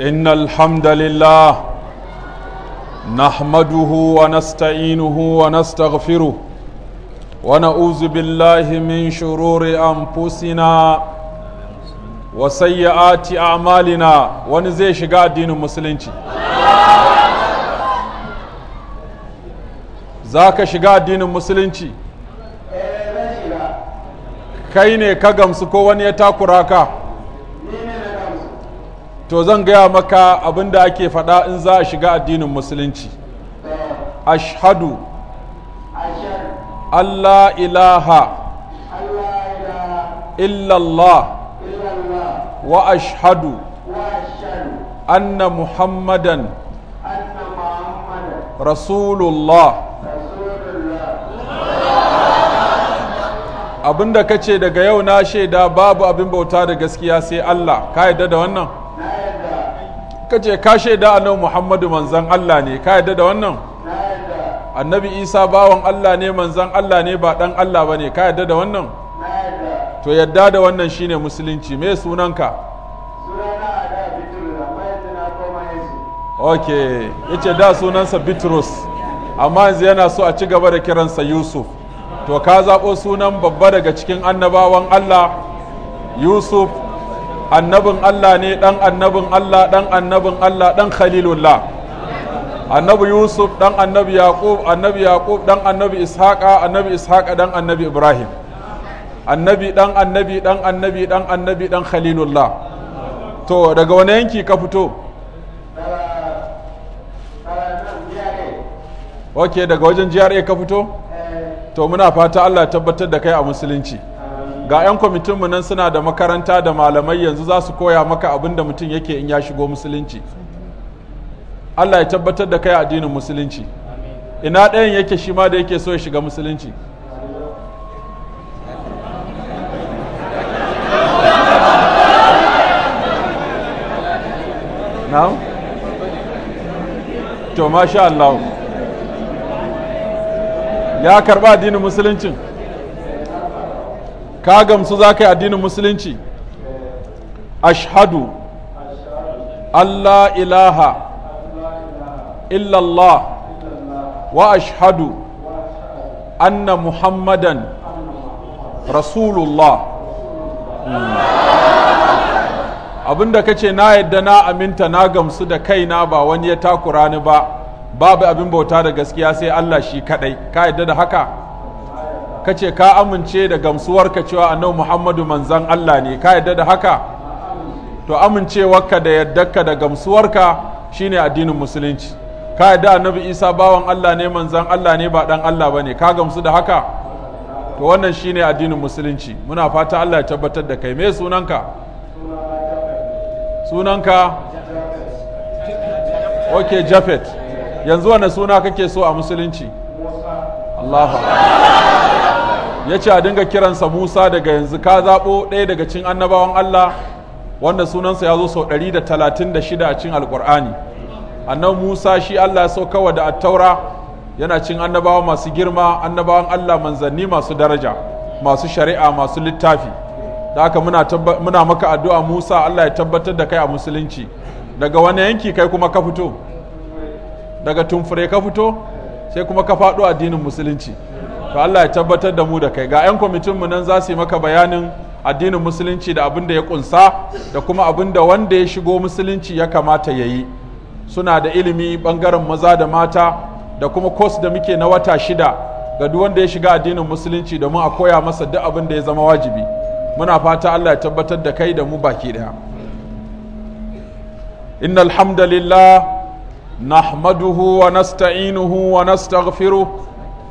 إن الحمد لله نحمده ونستعينه ونستغفره ونعوذ بالله من شرور أنفسنا وسيئات أعمالنا ونزي شقاء الدين المسلمين ذاك شقاء الدين المسلمين kai ne ka gamsu ko wani ya takura ka to zan gaya maka abin da ake faɗa in za a shiga addinin musulunci ashadu. Allah ilaha illallah wa ashhadu anna muhammadan rasulullah abinda ce daga yau na shaida babu abin bauta da gaskiya sai Allah ka yadda da wannan ce ka shaida annabi Muhammadu manzan Allah ne ka yadda da wannan annabi Isa bawan Allah ne manzan Allah ne ba dan Allah bane ka yadda da wannan to yadda da wannan shine musulunci me sunanka ok yace da sunansa Bitrus amma yanzu yana so a ci gaba da kiransa Yusuf to ka zaɓo sunan babba daga cikin annabawan Allah Yusuf annabin Allah ne dan annabin Allah dan annabin Allah dan khalilullah annabi Yusuf dan annabi Yaqub annabi Yaqub dan annabi Ishaqa annabi Ishaqa dan annabi Ibrahim annabi dan annabi dan annabi dan annabi dan khalilullah to daga wani yanki ka fito ok daga wajen GRA ka fito to muna fata Allah tabbatar da kai a musulunci ga 'yan kwamitinmu nan suna da makaranta da malamai yanzu za su koya maka abin da mutum yake in ya shigo musulunci Allah ya tabbatar da kai addinin musulunci ina ɗayan yake shi ma da yake so ya shiga musulunci na'am to masha Allah ya karba addinin musuluncin ka gamsu za ka yi addinin musulunci Ashadu Allah ilaha illallah wa ashadu anna muhammadan rasulullah hmm. abinda ka ce na yadda na aminta na gamsu da kaina ba wani ya takura ni ba babu abin bauta da gaskiya sai Allah shi kadai ka yadda da haka ka ce ka amince da gamsuwarka cewa annabi muhammadu manzan allah ne ka yadda da haka to amincewarka da yaddarka da gamsuwarka shine addinin musulunci ka yadda annabi isa bawan allah ne manzan allah ne ba dan allah ba ne ka gamsu da haka to wannan shine addinin musulunci muna fata allah ya tabbatar da kai me sunanka sunanka ok jafet yanzu wane suna kake so a musulunci allahu ya ce a dinga kiransa musa daga yanzu ka zaɓo ɗaya daga cin annabawan allah wanda sunansa ya zo sau ɗari da da talatin shida a cin alkur'ani annan musa shi allah ya kawa da attaura yana cin annabawa masu girma annabawan allah manzanni masu daraja masu shari'a masu littafi da haka muna, maka addu'a musa allah ya tabbatar da kai a musulunci daga wani yanki kai kuma ka fito daga tumfure ka fito sai kuma ka faɗo addinin musulunci to Allah ya tabbatar da mu da kai ga 'yan kwamitin mu nan za su yi maka bayanin addinin musulunci da abin da ya kunsa da kuma abin da wanda ya shigo musulunci ya kamata ya yi suna da ilimi bangaren maza da mata da kuma kos da muke na wata shida ga duk wanda ya shiga addinin musulunci domin a koya masa duk abin da ya zama wajibi muna fata Allah ya tabbatar da kai da mu baki daya innal hamdalillah nahmaduhu wa nasta'inuhu wa nastaghfiruh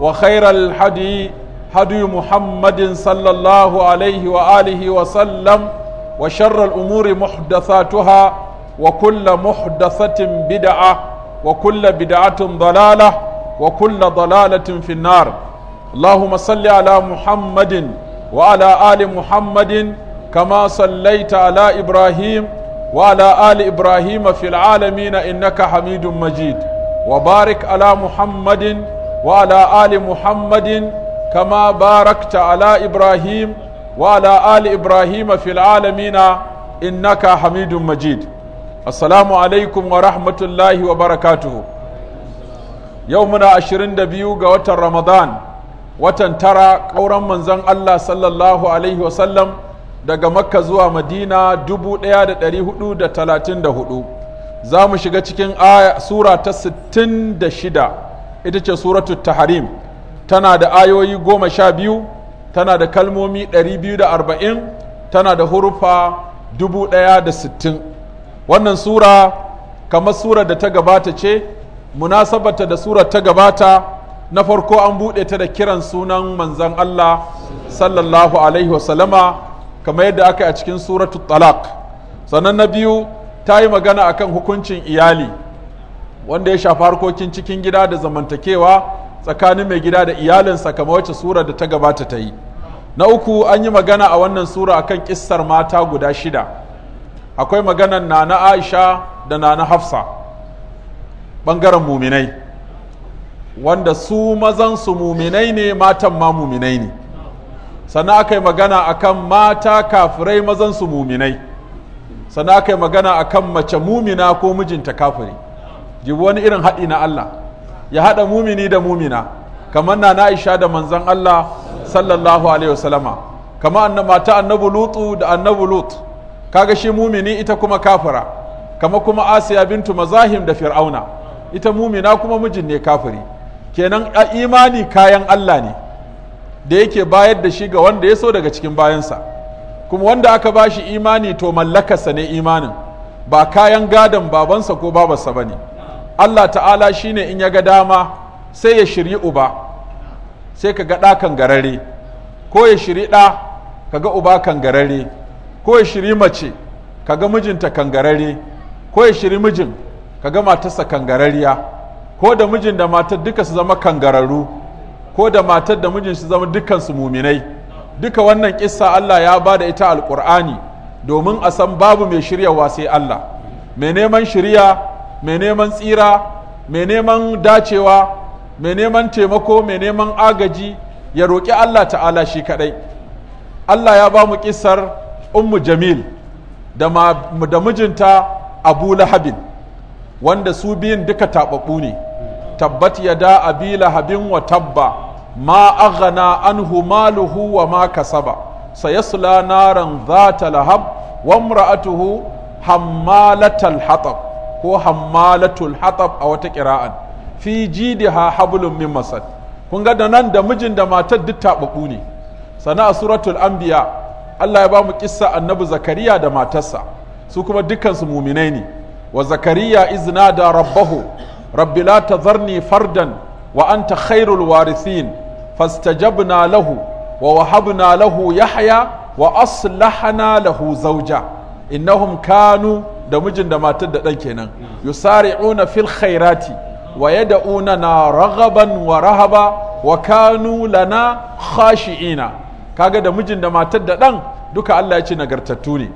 وخير الحدي هدي محمد صلى الله عليه وآله وسلم وشر الأمور محدثاتها وكل محدثة بدعة وكل بدعة ضلالة وكل ضلالة في النار اللهم صل على محمد وعلى آل محمد كما صليت على إبراهيم وعلى آل إبراهيم في العالمين إنك حميد مجيد وبارك على محمد وعلى آل محمد كما باركت على إبراهيم وعلى آل إبراهيم في العالمين إنك حميد مجيد السلام عليكم ورحمة الله وبركاته يومنا عشرين دبيو قوات رمضان watan tara ƙauran manzon Allah sallallahu Alaihi wasallam daga makka zuwa madina dubu ɗaya da ɗari hudu da talatin da hudu za mu shiga cikin sura ta sittin da shida ita ce suratu taharim tana da ayoyi goma sha biyu tana da kalmomi ɗari biyu da arba'in tana da hurufa dubu ɗaya da sittin wannan sura kamar sura da ta gabata ce munasabata da sura ta gabata na farko an buɗe ta da kiran sunan manzan Allah sallallahu alaihi wasallama kamar yadda aka yi a cikin suratu talak sannan na biyu ta yi magana akan hukuncin iyali wanda ya shafi harkokin cikin gida da zamantakewa tsakanin mai gida da iyalinsa kamar wacce sura da ta gabata ta yi na uku an yi magana a wannan sura akan kissar mata guda shida akwai maganan nana aisha da nana hafsa ɓangaren muminai wanda su mazan su muminai ne matan ma muminai ne sannan aka yi magana akan mata kafirai mazan su muminai sannan aka yi magana akan mace mumina ko mijinta kafiri jibi wani irin haɗi na Allah ya haɗa mumini da mumina kamar na Aisha da manzan Allah sallallahu alaihi wasallama kamar anna mata annabu lutu da annabu lut kaga shi mumini ita kuma kafira kama kuma Asiya bintu Mazahim da Fir'auna ita mumina kuma mijin ne kafiri kenan a imani kayan Allah ne da yake bayar da shi ga wanda ya so daga cikin bayansa kuma wanda aka ba shi imani to mallakarsa ne imanin ba kayan gadon babansa ko babarsa ba ne Allah ta'ala shine in ya ga dama sai ya shiri uba sai ka ga ɗa kan garare ko ya shiri ɗa ka ga uba kan garare ko ya shiri mace ka ga mijinta kan garare ko ya shiri mijin ka ga matarsa kan garariya ko da mijin da matar duka su zama kan kangararru ko da matar da mijin su zama dukansu muminai duka wannan kissa Allah ya ba da ita alƙur'ani domin a san babu mai shiryawa sai Allah mai neman shirya mai neman tsira mai neman dacewa mai neman taimako mai neman agaji ya roƙi Allah ta'ala shi kaɗai Allah ya ba mu ƙisar ummu jamil da mijinta abu lahabin wanda su biyun duka taɓaɓɓu ne tabbat ya da abi lahabin wa tabba ma aghana anhu maluhu wa ma kasaba sayasla naran zata lahab wa hammalatal hatab ko hammalatul hatab a wata kira'an fi jidiha hablum min masad kun ga da nan da mijin da matar duk tababu ne sana'a suratul anbiya Allah ya ba mu kissa annabi zakariya da matarsa su kuma dukkan su muminai ne wa zakariya izna da rabbahu rabbi la tazarni fardan wa anta khairul warithin fastajabna lahu wa wahabna lahu yahya wa aslahana lahu zawja innahum kanu da mijin da matar da ɗan kenan yusari'una fil khairati wa yad'una na raghaban wa rahaba wa kanu lana khashi'ina kaga da mijin da matar da ɗan duka Allah ya ce nagartattu ne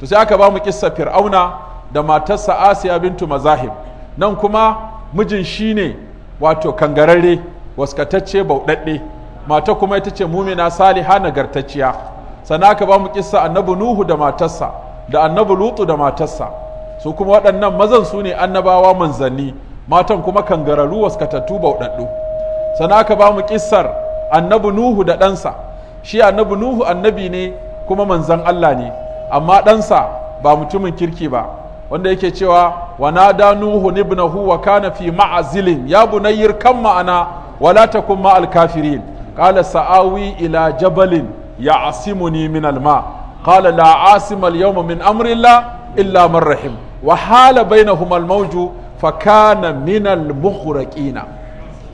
to sai aka ba mu kissa fir'auna da matarsa Asiya bintu Mazahib nan kuma mijin shine wato kangararre waskatacce bauɗaɗɗe mata kuma ita ce mumina saliha nagartacciya sannan aka ba mu kissa annabi Nuhu da matarsa da annabi lutu da matarsa su kuma waɗannan mazan su ne annabawa manzanni matan kuma kan gararu waskatattu bauɗaɗɗu sana aka ba mu kissar annabi nuhu da ɗansa shi annabi nuhu annabi ne kuma manzan allah ne amma ɗansa ba mutumin kirki ba wanda yake cewa wana da nuhu ibnahu wa kana fi ma'azilin ya bunayyir kan ma'ana wala takun kuma kafirin qala sa'awi ila jabalin ya asimuni min alma qala la asima al-yawma min amrillah illa man rahim wahala hala bainahuma al-mawju fa kana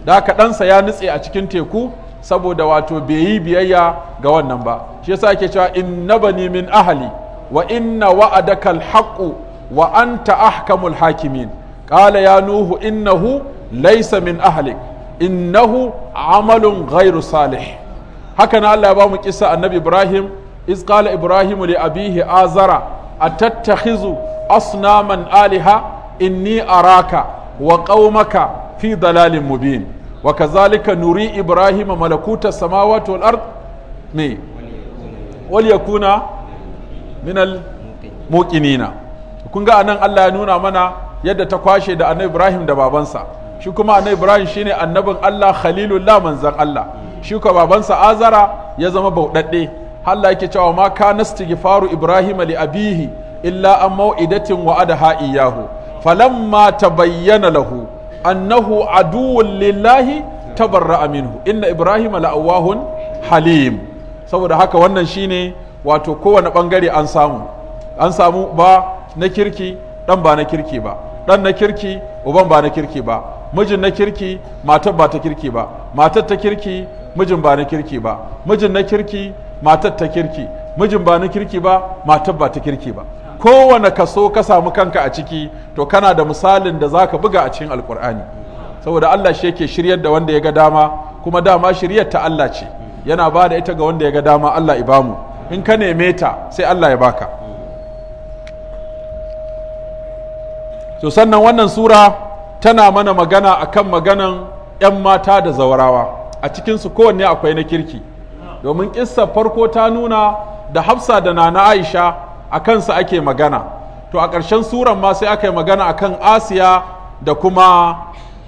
da ka ɗansa ya nutse a cikin teku saboda wato bai yi biyayya ga wannan ba shi yasa ake cewa inna bani min ahali wa inna wa'adaka al-haqqu wa anta ahkamul hakimin qala ya nuhu innahu laysa min ahlik innahu amalun gairu salih haka na Allah ya ba mu kisa annabi Ibrahim iz qala ibrahimu li abihi azara atattakhizu asnaman aliha inni araka wa qaumaka fi dalalin mubin wa kazalika nuri ibrahim malakuta samawati wal ard me wal yakuna min al muqinina kun ga anan Allah ya nuna mana yadda ta kwashe da annabi Ibrahim da babansa shi kuma annabi Ibrahim shine annabin Allah khalilullah manzan Allah shuka kuma babansa Azara ya zama bauɗaɗɗe Allah yake cewa ma kana istighfaru Ibrahim li abihi illa an mau'idatin wa'adaha ma falamma tabayyana lahu annahu aduwwun lillahi tabarra minhu inna Ibrahim la'awahun halim saboda haka wannan shine wato kowane bangare an samu an samu ba na kirki dan ba na kirki ba dan na kirki uban ba na kirki ba mijin na kirki matar ba ta kirki ba matar ta kirki mijin ba na kirki ba mijin na kirki matar ta kirki mijin ba na kirki ba matar ba ta kirki ba kowane kaso ka samu kanka a ciki to kana da misalin da zaka buga a cikin alkur'ani saboda Allah shi yake shiryar da wanda ya ga dama kuma dama shiryar ta Allah ce yana ba da ita ga wanda ya ga dama Allah bamu in ka neme ta sai Allah ya baka to sannan wannan sura tana mana magana akan maganan 'yan mata da zawarawa a cikinsu kowanne akwai na kirki domin kissa farko ta nuna da hafsa da nana aisha a kansa ake magana to a ƙarshen suran ma sai aka yi magana a kan asiya da kuma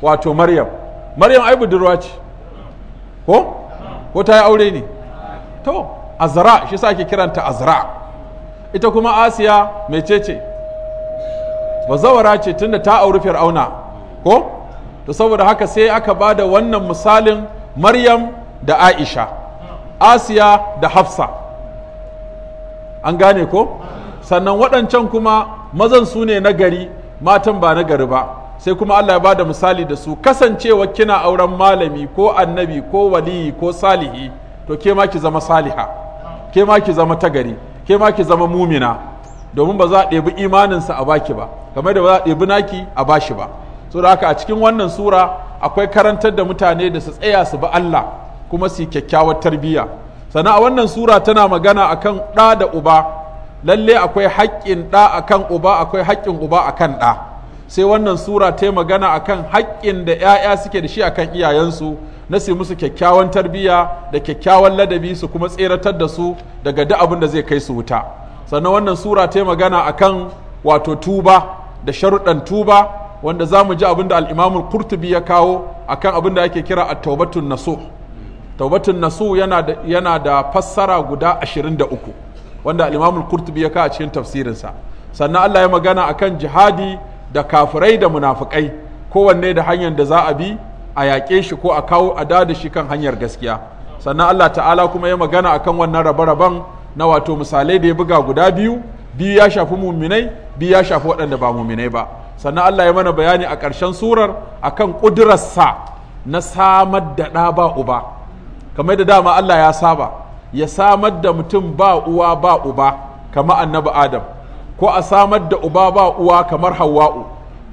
wato maryam maryam ai budurwa ce ko ko ta yi aure ne to azra shi sa ake kiranta azra ita kuma asiya mecece bazawara ce tunda ta auri fir'auna ko to saboda haka sai aka ba da wannan misalin maryam da aisha asiya da hafsa an gane ko sannan waɗancan kuma mazan su ne nagari. matan ba na gari ba sai kuma Allah ya ba da misali da su kasancewa kina auren malami ko annabi ko waliyi ko salihi to ke ma ki zama saliha ke ma ki zama tagari ke ma ki zama mumina domin ba za a ɗebi imaninsa a baki ba kamar da ba za a ɗebi naki a bashi ba so haka a cikin wannan sura akwai karantar da mutane da su tsaya su bi Allah kuma su kyakkyawar tarbiyya sana a wannan sura tana magana akan ɗa da uba lalle akwai haƙƙin ɗa akan uba akwai haƙƙin uba akan ɗa sai wannan sura ta magana akan haƙƙin da 'ya'ya suke da shi akan iyayensu na su musu kyakkyawan tarbiyya da kyakkyawan ladabi su kuma tseratar da su daga duk abin da zai kai su wuta sannan wannan sura ta magana akan wato tuba da sharuɗan tuba wanda za mu ji abin da al'imamul kurtubi ya kawo akan abin da ake kira at-taubatun nasuh taubatun nasu yana da, fassara guda ashirin da uku wanda al-Qurtubi ya kawo cikin tafsirinsa sannan Allah ya magana akan jihadi da kafirai da munafukai kowanne da hanyar da za a bi a yaƙe shi ko a kawo a dada shi kan hanyar gaskiya sannan Allah ta'ala kuma ya magana akan wannan rabe-raben na wato misalai da ya buga guda biyu biyu ya shafi muminai biyu ya shafi waɗanda ba muminai ba sannan Allah ya mana bayani a ƙarshen surar akan ƙudurarsa na samar da ɗa ba uba kamar da dama Allah ya saba ya samar da mutum ba uwa ba uba kamar annabi adam ko a samar da uba ba uwa kamar hawa'u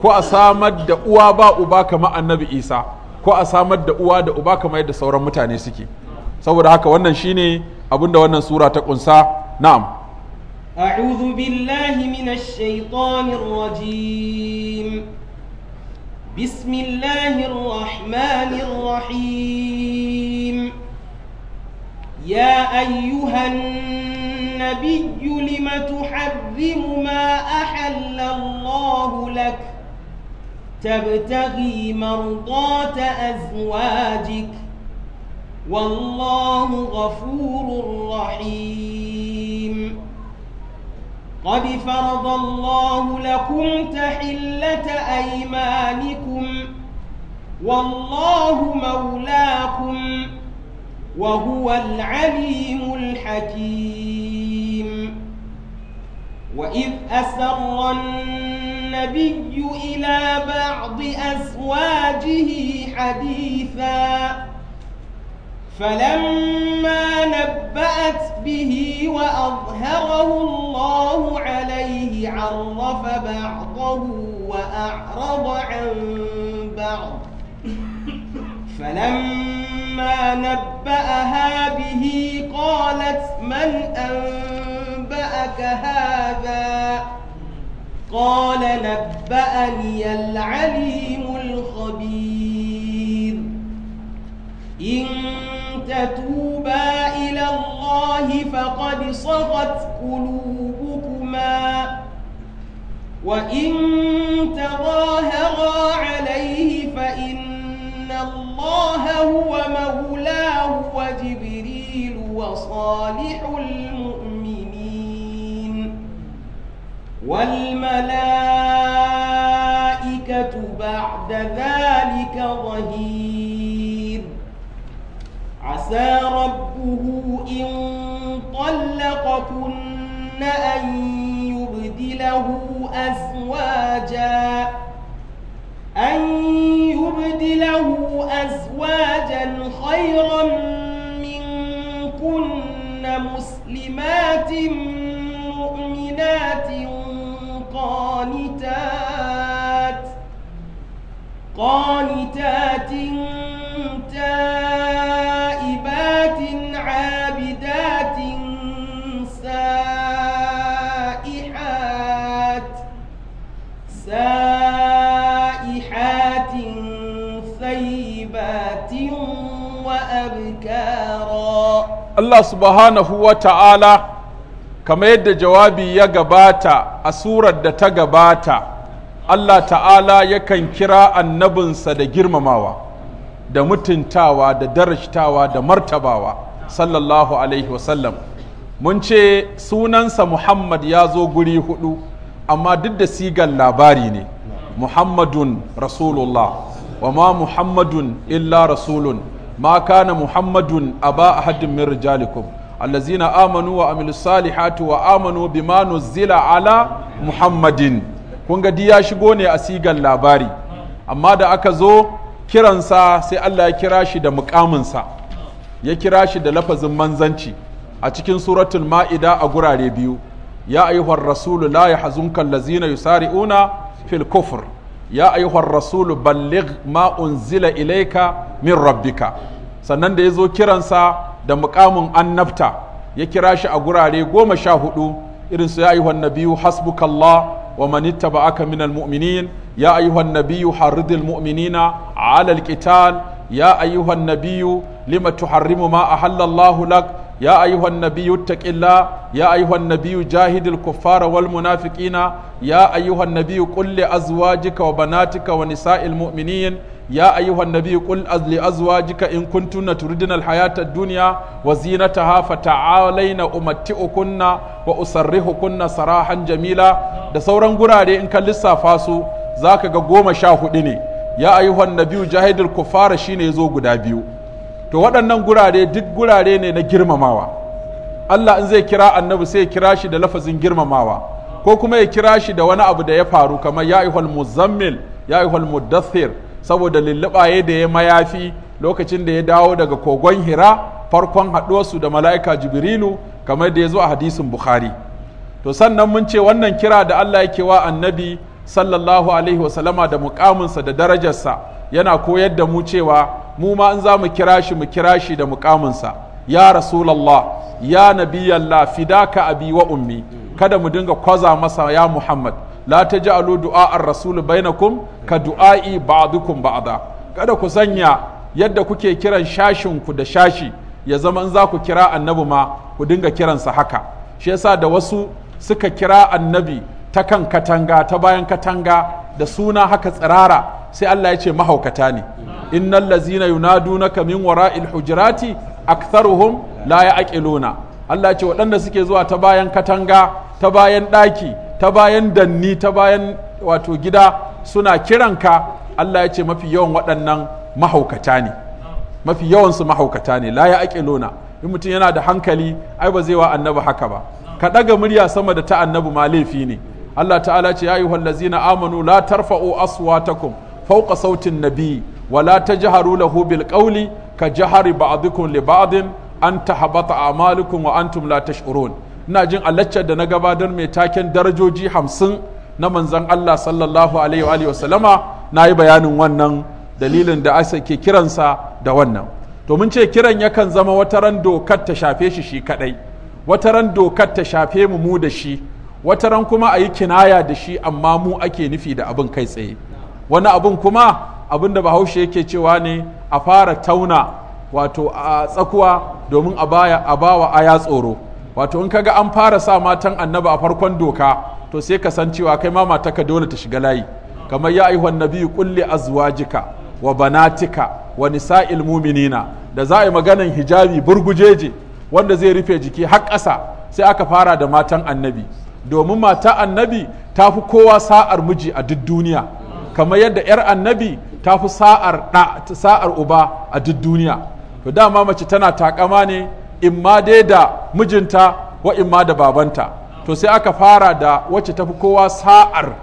ko a samar da uwa ba uba kamar annabi isa ko a samar da uwa da uba kamar yadda sauran mutane suke saboda haka wannan shine abinda wannan sura ta kunsa na'am a'udhu billahi minash shaitanir rajim bismillahir rahmanir rahim يا أيها النبي لم تحرم ما أحل الله لك تبتغي مرضات أزواجك والله غفور رحيم قد فرض الله لكم تحلة أيمانكم والله مولاكم وهو العليم الحكيم وإذ أسر النبي إلى بعض أزواجه حديثا فلما نبأت به وأظهره الله عليه عرف بعضه وأعرض عن بعض فلما فلما نبأها به قالت من أنبأك هذا قال نبأني العليم الخبير إن تتوبا إلى الله فقد صغت قلوبكما وإن تظاهرا عليه فإن الله الله هو مولاه وجبريل وصالح المؤمنين والملائكة بعد ذلك ظهير عسى ربه إن طلقكن أن يبدله أزواجاً أزواجا خيرا منكن مسلمات مؤمنات قانتات قانتات تات Allah subhanahu wa ta'ala kamar yadda jawabi ya gabata a surar da ta gabata Allah ta'ala yakan kira annabinsa da girmamawa da mutuntawa da darashtawa da martabawa sallallahu alaihi wasallam mun ce sunansa Muhammad ya zo guri hudu amma duk da sigan labari ne Muhammadun Rasulullah wa ma Muhammadun illa Rasulun ما كان محمد أبا أحد من رجالكم الذين آمنوا وعملوا الصالحات وآمنوا بما نزل على محمد Kun gadi ya shigo ne a sigan labari amma da aka zo kiransa sai Allah ya kira shi da mukaminsa ya kira shi da lafazin manzanci a cikin suratul ma'ida a gurare biyu ya ayyuhar rasulu la yahzunka allazina yusari'una fil kufr ya ayyuhar rasulu balligh ma unzila ilaika min rabbika sannan da ya zo kiransa da mukamin annabta ya kira shi a gurare goma sha hudu irin su ya ayyuhan nabiyu hasbukallah wa man ittaba'aka minal mu'minin ya ayyuhan nabiyu harridil mu'minina ala alqital ya ayyuhan nabiyu lima tuharrimu ma ahallallahu lak ya a yi wannabi wutaƙilla ya a yi wannabi ujahidir ku fara ya a yi wannabi uƙulli azuwa wa banatika wa nisa ilmominin ya a yi wannabi uƙulli azuwa jika in kuntunatu ridinal hayata duniya wazirata hafatai alaina umatti ukunna wa usarre hukunnasararra hanjamila da sauran gurare in kan lissafa su zaka ga goma sha hudu ne ya a yi wannabi ujahidir ku fara zo guda biyu. to waɗannan gurare duk gurare ne na girmamawa Allah in zai kira annabi sai ya kira shi da lafazin girmamawa ko kuma ya kira shi da wani abu da ya faru kamar ya ihwal muzammil ya ihwal muddathir saboda lullubaye da ya mayafi lokacin da ya dawo daga kogon hira farkon haɗuwarsu da mala'ika jibrilu kamar da ya zo a hadisin bukhari to sannan mun ce wannan kira da allah yake wa annabi sallallahu alaihi wasallama da mukaminsa da darajarsa yana koyar da mu cewa mu ma in za mu kira shi mu kira shi da mukaminsa ya rasulallah ya nabiyallah fidaka abi wa ummi kada mu dinga kwaza masa ya muhammad la taj'alu du'a ar-rasul bainakum ka du'a'i ba'dukum ba'da kada ku sanya yadda kuke kiran shashin ku da shashi ya zama in za ku kira annabi ma ku dinga kiransa haka shi yasa da wasu suka kira annabi ta kan katanga ta bayan katanga da suna haka tsirara sai Allah ya ce mahaukata ne innal lazina yunadunaka min wara'il hujurati aktharuhum la ya'qiluna Allah ya ce waɗanda suke zuwa ta bayan katanga ta bayan ɗaki ta bayan danni ta bayan wato gida suna kiranka Allah ya ce mafi yawan waɗannan mahaukata ne mafi yawansu mahaukata ne la ya'qiluna in mutum yana da hankali ai ba zai wa annabi haka ba ka ɗaga murya sama da ta annabi ma laifi ne Allah ta'ala ce ya ayyuhallazina amanu la tarfa'u aswatakum fawqa sautin nabi wala ta lahu bil qawli ka jahari ba'dukum li ba'din an tahabata a'malukum wa antum la tash'urun ina jin a da na gabatar mai taken darajoji hamsin na manzan Allah sallallahu alaihi wa sallama na yi bayanin wannan dalilin da asa ke kiransa da wannan to mun ce kiran yakan zama wata ran dokar ta shafe shi shi kadai wata ran dokar ta shafe mu mu da shi wata ran kuma a yi kinaya da shi amma mu ake nufi da abin kai tsaye wani abun kuma abin da bahaushe yake cewa ne a fara tauna wato a tsakuwa domin a baya a bawa aya tsoro wato in kaga an fara sa matan annaba a farkon doka to sai ka san cewa kai ma ka dole ta shiga layi kamar ya ayyuhan nabiyyu kulli azwajika wa banatika wa nisa'il mu'minina da za a yi maganan hijabi burgujeje wanda zai rufe jiki har ƙasa sai aka fara da matan annabi domin mata annabi ta fi kowa sa'ar miji a duk duniya kamar yadda 'yar annabi ta fi sa'ar sa'ar uba a duk duniya to dama mace tana takama ne in ma dai da mijinta wa in ma da babanta to sai aka fara da wacce tafi kowa sa'ar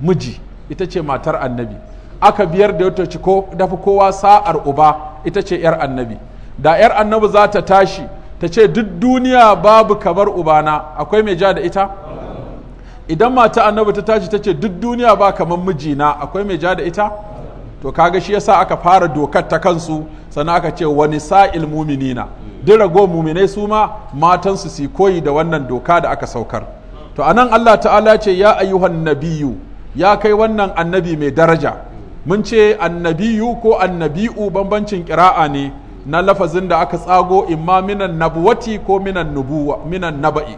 miji ita ce matar annabi aka biyar da wata ko fi kowa sa'ar uba ita ce 'yar annabi da 'yar annabi za ta tashi ta ce duk duniya babu kamar ubana akwai mai ja da ita idan mata annabi ta tashi ta ce duk duniya ba kamar mijina akwai mai ja da ita to kaga shi yasa aka fara dokar ta kansu sannan aka ce wani sa'il na duk rago muminai su ma matan su si koyi da wannan doka da aka saukar to anan Allah ta'ala ce ya ayyuhan nabiyyu ya kai wannan annabi mai daraja mun ce annabiyu ko annabi'u bambancin kira'a ne na lafazin da aka tsago imma minan nabuwati ko minan nubuwa minan naba'i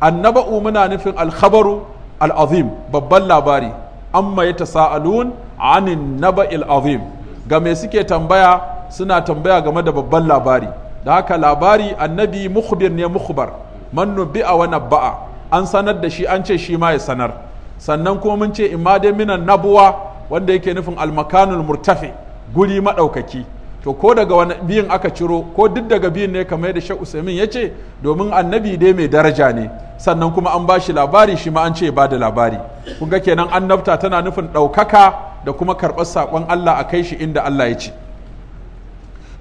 annaba'u muna nufin alkhabaru al'azim babban labari amma ya tasa'alun anin naba'il azim ga mai suke tambaya suna tambaya game da babban labari da haka labari annabi mukhbir ne mukhbar man a wani ba'a an sanar da shi an ce shi ma ya sanar sannan kuma mun ce imma dai minan nabuwa wanda yake nufin almakanul murtafi guri maɗaukaki. to ko daga wani biyun aka ciro ko duk daga biyun ne kamar yadda Sheikh Usaimin ya ce domin annabi dai mai daraja ne sannan kuma an ba shi labari shi ma an ce ba da labari kun ga kenan annabta tana nufin ɗaukaka da kuma karɓar saƙon Allah a kai shi inda Allah ya ce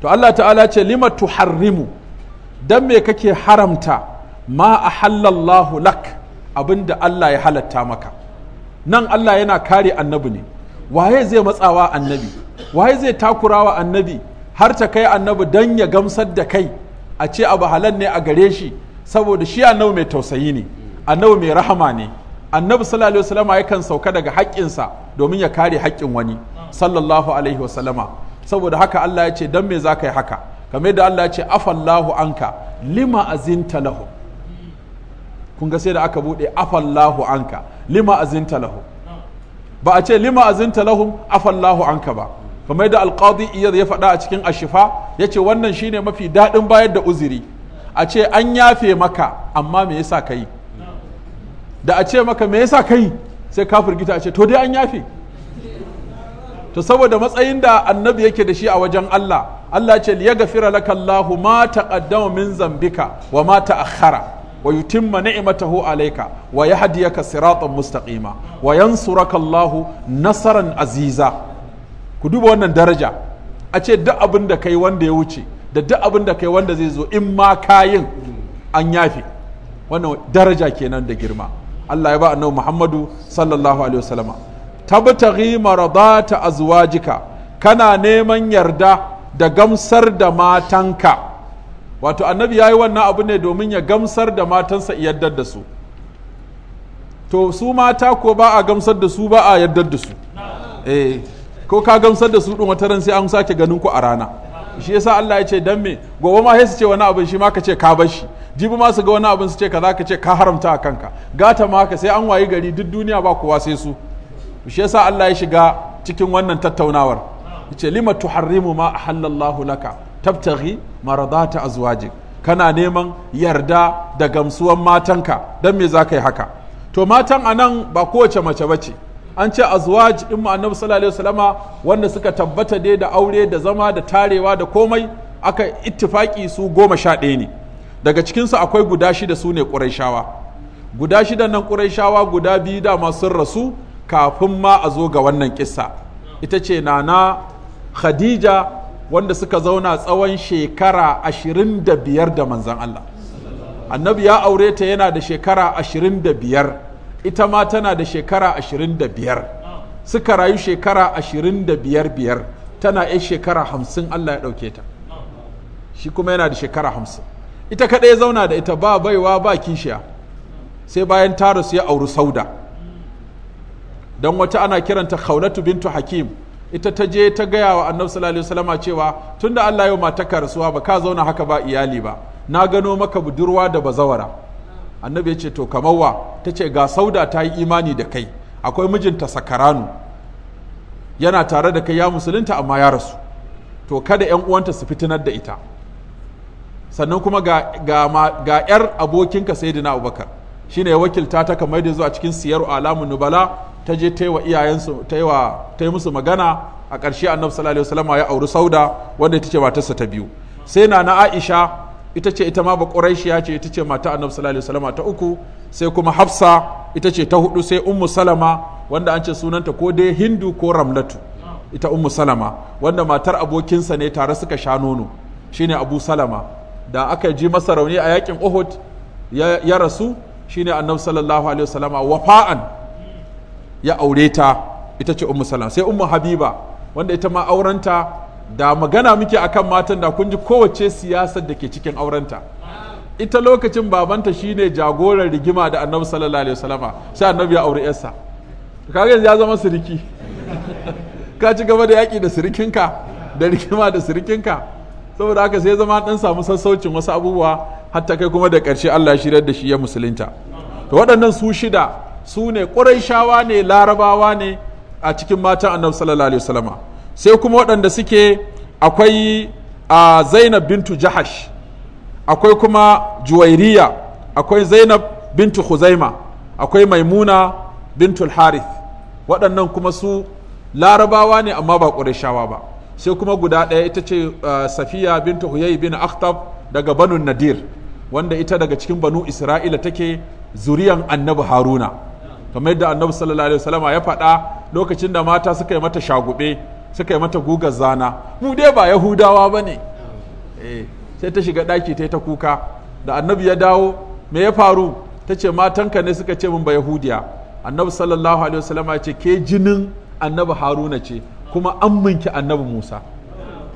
to Allah ta'ala ce lima tuharrimu dan me kake haramta ma a halallahu lak abinda Allah ya halatta maka nan Allah yana kare annabi ne waye zai matsawa annabi waye zai takurawa annabi har ta kai annabi don ya gamsar da kai a ce abu halal ne a gare shi saboda shi annabi mai tausayi ne annabi mai rahama ne annabi sallallahu alaihi wasallama yakan sauka daga haƙƙinsa domin ya kare haƙƙin wani sallallahu alaihi wasallama saboda haka Allah ya ce dan me za ka yi haka kamar yadda Allah ya ce afallahu anka lima azinta lahu kun ga sai da aka bude afallahu anka lima azinta lahu ba a ce lima azinta lahum afallahu anka ba kamar da alqadi iya ya faɗa a cikin ashifa yace wannan shine mafi daɗin bayar da uzuri a ce an yafe maka amma me yasa kai da a ce maka me yasa kai sai ka firgita a ce to dai an yafe to saboda matsayin da annabi yake da shi a wajen Allah Allah ce liya gafira laka Allahu ma taqaddama min zambika wa ma ta'akhkhara wa yutimma ni'matahu alayka wa yahdiyaka siratan mustaqima wa yansuraka Allahu nasaran aziza ku duba wannan daraja a ce duk abin da kai wanda ya wuce da duk abin da kai wanda zai zo in ma kayin an yafe wannan daraja kenan da girma Allah ya ba annabi Muhammadu sallallahu alaihi wasallama tabtaghi maradata azwajika kana neman yarda da gamsar da matanka wato annabi yayi wannan abu ne domin ya gamsar da matansa yaddar da su to su mata ko ba a gamsar da su ba a yaddar da su eh ko ka gamsar da su ɗin wata ran sai an sake ganin ku a rana shi yasa Allah ya ce dan me gobe ma sai su ce wani abin shi ma ka ce ka bar shi jibi ma su ga wani abin su ce kaza ka ce ka haramta a kanka gata ma haka sai an wayi gari duk duniya ba kowa sai su shi yasa Allah ya shiga cikin wannan tattaunawar yace lima tuharrimu ma ahallallahu laka tabtaghi maradata azwajik kana neman yarda da gamsuwan matanka dan me za ka yi haka to matan anan ba kowace mace bace an ce azwaj din mu annabi sallallahu alaihi wanda suka tabbata dai da aure da zama da tarewa da komai aka ittifaki su goma sha ɗaya ne daga cikinsu akwai guda shida su ne ƙuraishawa guda shida nan ƙuraishawa guda biyu da masu rasu kafin ma a zo ga wannan kissa ita ce nana khadija wanda suka zauna tsawon shekara ashirin da biyar da manzan Allah annabi ya aure ta yana da shekara ashirin da biyar ita ma tana da shekara ashirin da biyar suka rayu shekara ashirin da biyar biyar tana yan shekara hamsin Allah ya ɗauke ta shi kuma yana da shekara hamsin ita kaɗai zauna da ita ba baiwa ba kishiya sai bayan ta rasu ya auri sauda don wata ana kiranta khaunatu bintu hakim ita ta je ta gaya wa annabi sallallahu alaihi cewa tunda Allah yau mata ka rasuwa ba ka zauna haka ba iyali ba na gano maka budurwa da bazawara annabi ya ce to kamawa ta ce ga sauda ta yi imani da kai akwai mijinta sakaranu yana tare da kai ya musulunta amma ya rasu to kada yan uwanta su fitinar da ita sannan kuma ga ga yar abokinka sayyidina abubakar shi ya wakilta ta kamar da zuwa cikin siyar alamun nubala ta je ta yi musu magana a ƙarshe annabi sallallahu alaihi wasallam ya auri sauda wanda ita ce matarsa ta biyu sai na na aisha ita ce ita ma ba quraishiya ce ita ce mata annabi sallallahu alaihi wasallam ta uku sai kuma hafsa ita ce ta hudu sai ummu salama wanda an ce sunanta ko dai hindu ko ramlatu ita ummu salama wanda matar abokinsa ne tare suka sha nono shine abu salama da aka ji masa rauni a yakin uhud ya, ya rasu shine annabi sallallahu alaihi wasallama wafa'an ya aure ta ita ce ummu salama sai ummu habiba wanda ita ma aurenta da magana muke akan matan da kun ji kowace siyasar da ke cikin aurenta ita lokacin babanta shine jagoran rigima da annabi sallallahu alaihi wasallama sai annabi ya aure yarsa kaga yanzu ya zama siriki ka ci gaba da yaki da sirikinka da rigima da sirikinka saboda haka sai zama dan samu sassaucin wasu abubuwa hatta kai kuma da ƙarshe Allah shirar da shi ya musulunta to waɗannan su shida su ne ƙurayshawa ne larabawa ne a cikin matan annabi sallallahu alaihi wasallama sai kuma waɗanda suke akwai a zainab bintu jahash akwai kuma juwairiya akwai zainab bintu huzaima akwai maimuna bintu harith waɗannan kuma su larabawa ne amma ba ƙurashawa ba sai kuma guda ɗaya ita ce safiya bintu huyayi bin akhtab daga banu nadir wanda ita daga cikin banu isra'ila take zuriyan annabi haruna kamar yadda annabi sallallahu alaihi wasallama ya faɗa lokacin da mata suka yi mata shagube suka yi mata gugar zana mu dai ba yahudawa ba ne eh, sai ta shiga ɗaki ta yi ta kuka da annabi ya dawo me ya faru ta ce matanka ne suka ce min ba yahudiya annabi sallallahu alaihi wasallam ya ce ke jinin annabi haruna ce kuma an minki annabi musa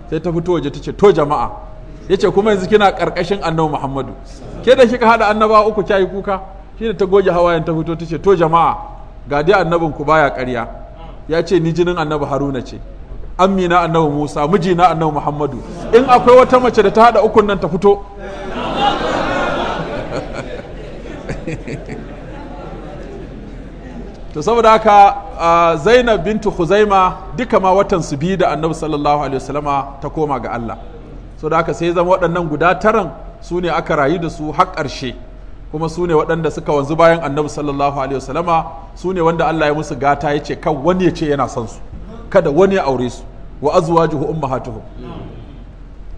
sai ta fito waje ta ce to jama'a ya ce kuma yanzu kina karkashin annabi muhammadu ke da kika haɗa annabawa uku kyayi kuka da ta goge hawayen ta fito ta ce to jama'a ga dai annabin ku baya ƙarya ya ce ni jinin annabi haruna ce amina annabi Musa mijina annabi Muhammadu in akwai wata mace da ta hada ukun nan ta fito to saboda haka Zainab bintu Khuzaima duka ma watan su bi da annabi sallallahu alaihi wasallama ta koma ga Allah saboda haka sai zama waɗannan guda taran su ne aka rayu da su har ƙarshe kuma su ne waɗanda suka wanzu bayan annabi sallallahu alaihi wasallama su ne wanda Allah ya musu gata ya ce kan wani ya ce yana son su kada wani ya aure su wa azwajuhu ummahatuhum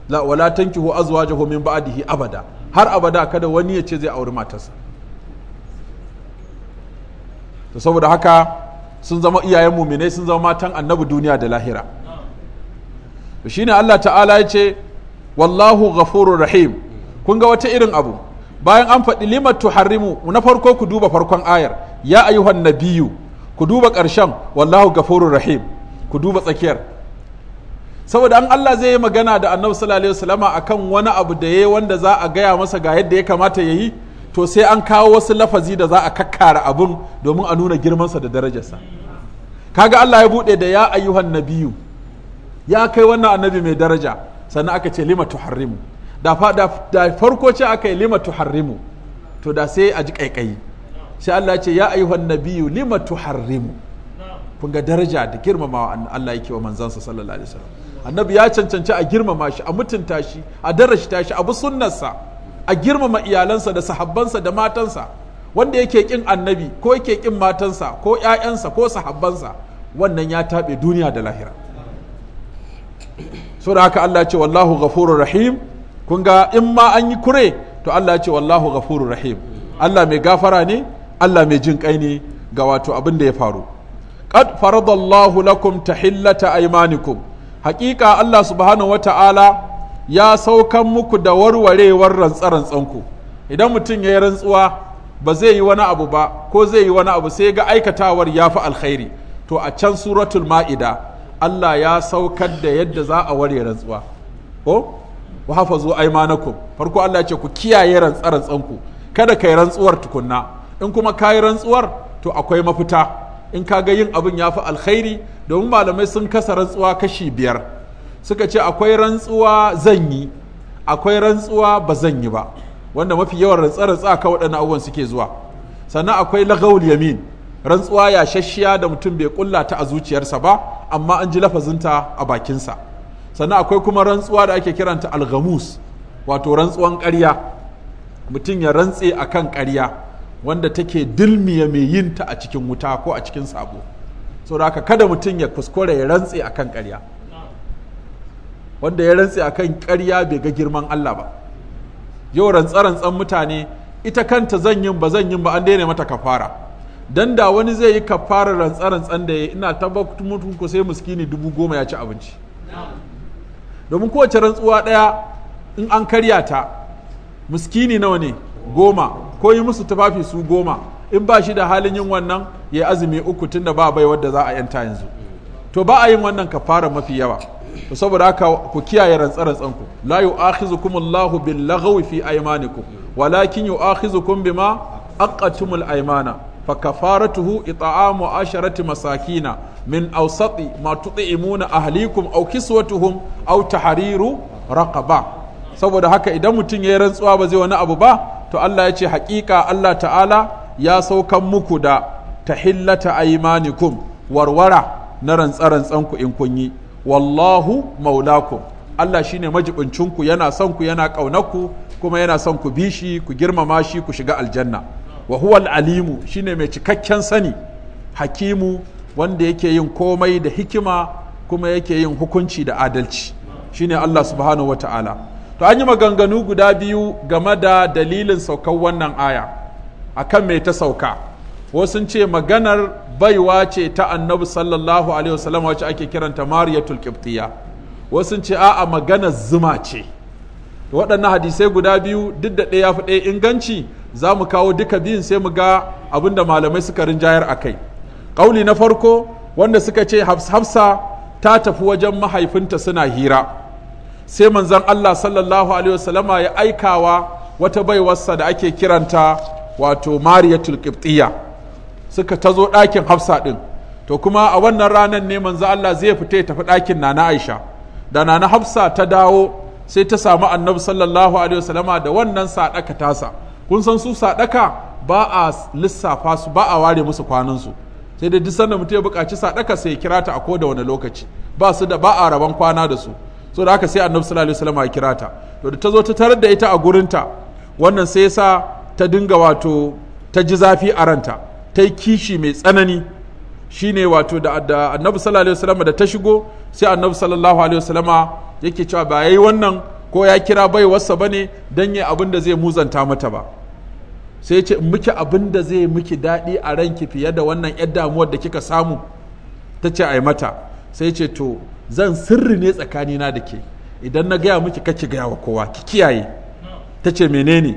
la wala tankihu azwajahu min ba'dihi abada har abada kada wani ya ce zai auri matarsa to saboda haka sun zama iyayen muminai sun zama matan annabi duniya da lahira to shine Allah ta'ala ya ce wallahu ghafurur rahim kun ga wata irin abu bayan an faɗi limat harimu na farko ku duba farkon ayar ya ayyuhan nabiyyu ku duba ƙarshen wallahu ghafurur rahim ku duba tsakiyar saboda an Allah zai yi magana da annabi sallallahu alaihi wasallama akan wani abu da yayi wanda za a gaya masa ga yadda ya kamata yayi to sai an kawo wasu lafazi da za a kakkara abun domin a nuna girmansa da darajarsa kaga Allah ya bude da ya ayyuhan nabiyu ya kai wannan annabi mai daraja sannan aka ce lima tuharrimu da da farko ce aka yi lima tuharrimu to da sai a ji kaikayi sai Allah ya ce ya ayyuhan nabiyu lima tuharrimu kun ga daraja da girmamawa Allah yake wa manzansa sallallahu alaihi wasallam annabi ya cancanci a girmama shi a mutunta shi a darashta shi a bi sunnarsa a girmama iyalansa da sahabbansa da matansa wanda yake kin annabi ko yake kin matansa ko ƴaƴansa ko sahabbansa wannan ya taɓe duniya da lahira so da haka Allah ce wallahu ghafurur rahim kun ga in ma an yi kure to Allah ce wallahu ghafurur rahim Allah mai gafara ne Allah mai jin kai ne ga wato abin da ya faru Kad faradallahu lakum tahillata aymanikum haƙiƙa Allah subhanahu wata'ala ya saukan muku da warwarewar rantsarantsanku idan mutum ya yi rantsuwa ba zai yi wani abu ba ko zai yi wani abu sai ga aikatawar ya fi alkhairi to a can suratul ma'ida Allah ya saukar da yadda za a ware rantsuwa ko wa hafazu aymanakum farko Allah ya ce ku kiyaye rantsarantsanku kada kai rantsuwar tukunna in kuma kayi rantsuwar to akwai mafita in ka ga yin abin ya fi alkhairi domin malamai sun kasa rantsuwa kashi biyar suka ce akwai rantsuwa zan yi akwai rantsuwa ba zan yi ba wanda mafi yawan rantsa-rantsa ka waɗannan abubuwan suke zuwa sannan akwai lagawul yamin rantsuwa ya shashiya da mutum bai kulla ta a zuciyarsa ba amma an ji lafazinta a bakinsa sannan akwai kuma rantsuwa da ake kiranta algamus wato rantsuwan ƙarya mutum ya rantse akan ƙarya wanda take dilmiya mai yin ta a cikin wuta ko a cikin sabo saboda aka kada mutum ya kuskure ya rantse akan karya. wanda ya rantse akan karya bai ga girman Allah ba yau rantsa-rantsan mutane ita kanta zan yin ba zan yin ba an daina mata kafara dan da wani zai yi kafarar rantsa-rantsan da ya ina tabbatar mutum ko sai muskini dubu goma ya ci abinci domin kowace rantsuwa ɗaya in an karya ta muskini nawa ne goma ko yi musu tufafi su goma in ba shi da halin yin wannan ya azumi uku tun da ba bai wadda za a yanta yanzu to ba a yin wannan ka fara mafi yawa to saboda haka ku kiyaye rantsaran ku la yu'akhizukum Allahu bil laghwi fi aymanikum walakin yu'akhizukum bima aqatumul aymana fa kafaratuhu it'amu asharati masakina min awsati ma tut'imuna ahlikum aw kiswatuhum aw tahriru raqaba saboda haka idan mutum ya yi rantsuwa ba zai wani abu ba to Allah ya ce haƙiƙa Allah ta'ala ya saukan muku da ta hillata aymanikum warwara na rantsa-rantsanku in kun yi wallahu maulakum Allah shine majibincinku yana son ku yana ƙaunarku kuma yana son ku bi shi ku girmama shi ku shiga aljanna wa huwal alimu shine mai cikakken sani hakimu wanda yake yin komai da hikima kuma yake yin hukunci da adalci shine Allah subhanahu wata'ala to an yi maganganu guda biyu game da dalilin saukar wannan aya akan mai ta sauka wasu ce maganar baiwa ce ta annabi sallallahu alaihi wasallam wacce ake kiranta mariyatul qibtiyya wasu ce a'a maganar zuma ce waɗannan hadisai guda biyu duk da ɗaya fi ɗaya inganci za mu kawo duka biyun sai mu ga abin da malamai suka rinjayar a kai ƙauli na farko wanda suka ce hafsa ta tafi wajen mahaifinta suna hira sai manzon Allah sallallahu alaihi wasallama ya aikawa wata baiwarsa da ake kiranta wato mariyatul qibtiyya suka tazo ɗakin hafsa ɗin to kuma a wannan ranar ne manzan Allah zai fita ya tafi ɗakin nana aisha da nana hafsa ta dawo sai ta samu annabi sallallahu alaihi wasallama da wannan sadaka tasa kun san su sadaka ba a lissafa su ba a ware musu kwanan sai dai duk sanda mutum ya buƙaci sadaka sai ya kira ta a koda wani lokaci ba su da ba a rabon kwana da su so da aka sai annabi sallallahu alaihi wasallam ya kira ta to da ta zo ta tarar da ita a gurinta wannan sai yasa ta dinga wato ta ji zafi a ranta ta yi kishi mai tsanani shine wato da annabi sallallahu alaihi wasallam da ta shigo sai annabi sallallahu alaihi wasallama yake cewa ba yayi wannan ko ya kira bai baiwarsa bane dan yi abin da zai muzanta mata ba sai ce miki abin da zai miki daɗi a ranki fiye da wannan 'yar damuwar da kika samu ta ce ai mata sai ce to zan sirri ne tsakanina da ke idan na gaya miki kake gaya wa kowa ki kiyaye ta ce menene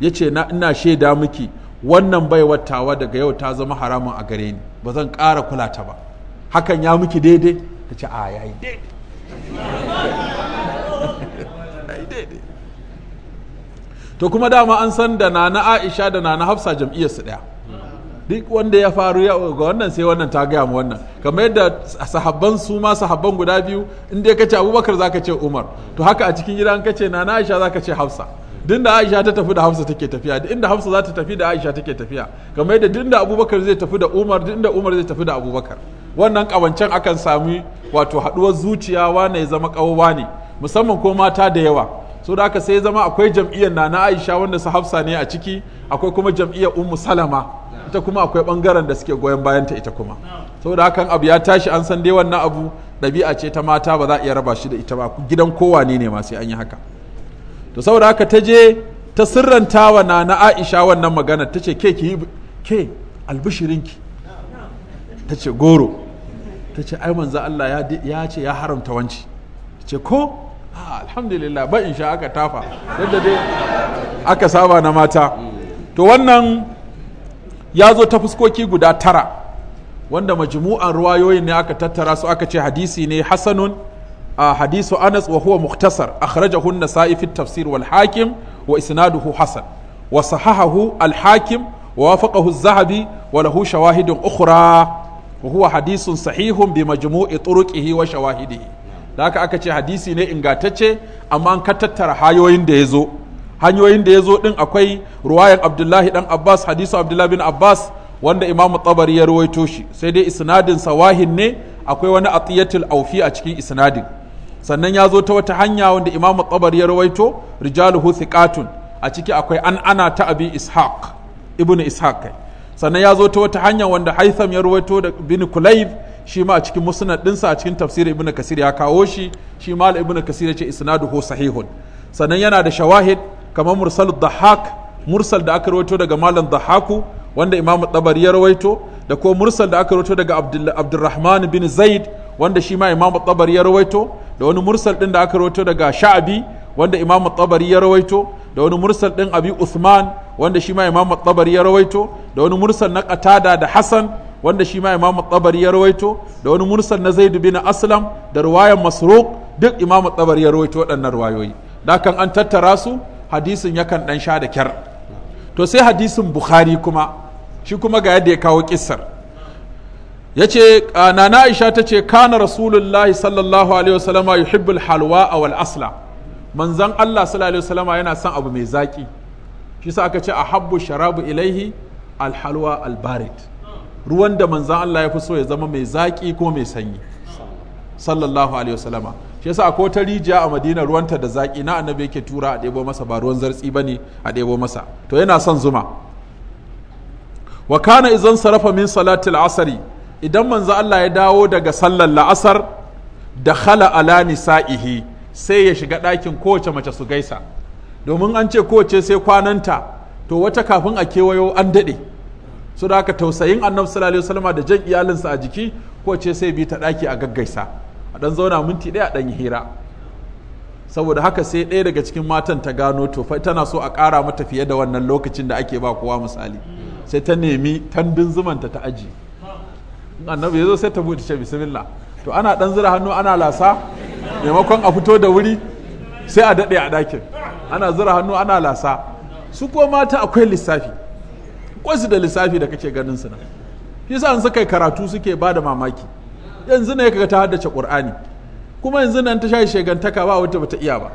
ya ce na ina shaida miki wannan bai wattawa daga yau ta zama haramun a gare ni ba zan ƙara kula ta ba hakan ya miki daidai ta ce a yayi daidai to kuma dama an san da na na aisha da na na hafsa jam'iyyarsu ɗaya duk wanda ya faru ya ga wannan sai wannan ta gaya mu wannan kamar yadda sahabban su ma sahabban guda biyu in dai kace Abubakar zaka ce Umar to haka a cikin gidan kace na Aisha zaka ce Hafsa duk da Aisha ta tafi da Hafsa take tafiya duk da Hafsa za ta tafi da Aisha take tafiya kamar yadda duk da Abubakar zai tafi da Umar duk da Umar zai tafi da Abubakar wannan kawancen akan sami wato haduwar zuciya wane ya zama kawowa ne musamman ko mata da yawa so da aka sai zama akwai jam'iyyar na na Aisha wanda su Hafsa ne a ciki akwai kuma jam'iyyar Ummu Salama ita kuma akwai bangaren da suke goyon bayan ta ita kuma saboda hakan abu ya tashi an san dai wannan abu ɗabi'a ce ta mata ba za a iya raba shi da ita ba gidan kowane ne ma sai an yi haka to saboda haka ta je ta sirranta wa na na Aisha wannan magana ta ce ke ki ke albishirinki ta ce goro ta ce ai manzo Allah ya ce ya haramta wanci ta ce ko ah, alhamdulillah ba in sha aka tafa yadda dai aka saba na mata to wannan ya zo ta fuskoki guda tara wanda majmu'an ruwayoyin ne aka tattara su aka ce hadisi ne hasanun a hadisu anas wa huwa muhtasar akhrajahu an-nasa'i fi tafsir wal hakim wa isnaduhu hasan wa sahahahu al-hakim wa wafaqahu zahabi wa lahu shawahidun ukhra wa huwa hadisun sahihun bi majmu'i turuqihi wa shawahidihi da haka aka ce hadisi ne ingantacce amma an ka tattara hayoyin da ya zo hanyoyin da ya zo din akwai ruwayan abdullahi dan abbas hadisu abdullahi bin abbas wanda imamu tabari ya rawaito shi sai dai isnadin sawahin ne akwai wani atiyatul aufi a cikin isnadin sannan ya zo ta wata hanya wanda imamu tabari ya rawaito rijaluhu thiqatun a ciki akwai an ana ta abi ishaq ibnu ishaq kai sannan ya zo ta wata hanya wanda haitham ya rawaito da bin kulayb shi ma a cikin musnad dinsa a cikin tafsir ibnu kasir ya kawo shi shi ma ibnu kasir ya ce isnaduhu sahihun sannan yana da shawahid kamar mursal dhahak mursal da aka rawaito daga malam dhahaku wanda imamu tabari ya rawaito da ko mursal da aka rawaito daga abdurrahman bin zaid wanda shi ma imamu tabari ya rawaito da wani mursal din da aka rawaito daga sha'abi wanda imamu tabari ya rawaito da wani mursal din abi uthman wanda shi ma imamu tabari ya rawaito da wani mursal na qatada da hasan wanda shi ma imamu tabari ya rawaito da wani mursal na zaid bin aslam da riwayar masruq duk imamu tabari ya rawaito waɗannan riwayoyi da kan an tattara su hadisin yakan dan sha da kyar to sai hadisin bukhari kuma shi kuma ga yadda ya kawo kissar ya ce ah, nana aisha ta ce kana rasulullahi sallallahu alaihi wasallama yuhibbul halwa wal asla manzan allah sallallahu alaihi wasallama yana son abu mai zaki shi sa aka ce a habbu sharabu ilaihi alhalwa albarid ruwan da manzan allah ya fi so ya zama mai zaki ko mai sanyi sallallahu alaihi wasallama shi yasa akwai wata rijiya a madina ruwanta da zaki na annabi yake tura a ɗebo masa ba ruwan zartsi ba ne a ɗebo masa to yana son zuma wa kana izan sarafa min salatil asari idan manzo Allah ya dawo daga sallar la'asar da khala ala nisa'ihi sai ya shiga ɗakin kowace mace su gaisa domin an ce kowace sai kwananta to wata kafin a kewayo an daɗe su da aka tausayin annabi sallallahu alaihi wasallam da jan iyalinsa a jiki kowace sai bi ta ɗaki a gaggaisa dan zauna minti daya a ɗan yi hira saboda haka sai ɗaya daga cikin matan ta gano to tana so a ƙara mata fiye da wannan lokacin da ake ba kowa misali sai ta nemi tandun zumanta ta aji annabi ya sai ta buɗe ce bismillah to ana dan zira hannu ana lasa maimakon a fito da wuri sai a daɗe a ɗakin ana zira hannu ana lasa su ko mata akwai lissafi kwasu da lissafi da kake ganin su na shi sa suka karatu suke ba da mamaki yanzu ne kaga ta haddace qur'ani kuma yanzu nan ta shayi shegantaka ba wata bata iya ba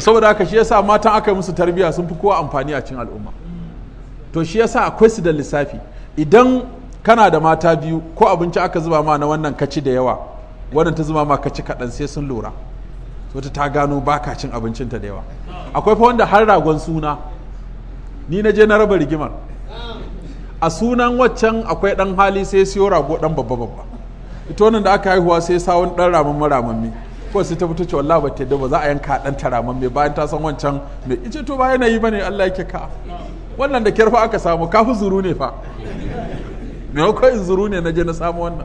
saboda haka shi yasa matan aka yi musu tarbiyya sun fi kowa amfani a cikin al'umma to shi yasa akwai su da lissafi idan kana da mata biyu ko abinci aka zuba ma na wannan kaci da yawa wannan ta zuba ma kaci kaɗan sai sun lura so ta gano baka cin abincin ta da yawa akwai fa wanda har ragon suna ni na je na raba rigimar a sunan waccan akwai dan hali sai siyo rago dan babba babba ita wannan da aka haihuwa sai wani dan ramamme ramamme ko sai ta fito ce wallahi ba ta yadda ba za a yanka dan ta ramamme bayan ta san wancan me ice to ba yanayi bane Allah yake ka wannan da kyar fa aka samu kafi zuru ne fa me ko in zuru ne na je na samu wannan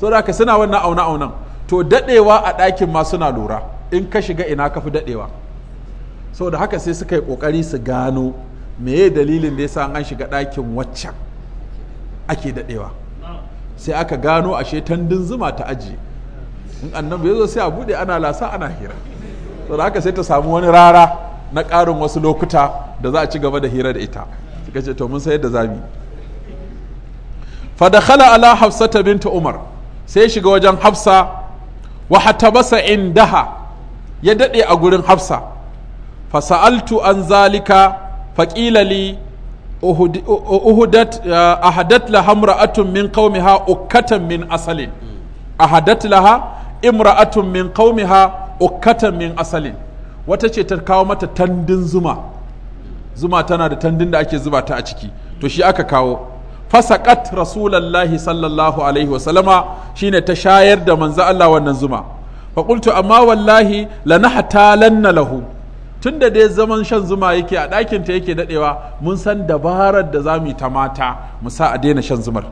so da suna wannan auna aunan to dadewa a ɗakin ma suna lura in ka shiga ina ka fi dadewa so da haka sai suka yi kokari su gano me dalilin da yasa an shiga ɗakin waccan ake dadewa sai aka gano a tandun zuma ta ajiye in annabi ya zo sai a bude ana lasa ana hira to haka sai ta samu wani rara na ƙarin wasu lokuta da za a ci gaba da hira da ita suka ce to mun sayar da zami fa dakhala ala hafsata binta umar sai shiga wajen hafsa wa hatabasa indaha ya dade a gurin hafsa fa sa'altu an zalika fa uhudat ahadat laha imra'atun min qaumiha ukatan min asalin ahadat asalin wata ce ta kawo mata tandin zuma zuma tana da tandin da ake zuba ta a ciki to shi aka kawo Fasaƙat rasulallahi sallallahu alaihi wasallama shine ta shayar da manza Allah wannan zuma fa amma wallahi lanahtalanna lahu tun da dai zaman shan zuma yake a ɗakinta yake daɗewa mun san dabarar da za mu yi ta mata mu sa a daina shan zumar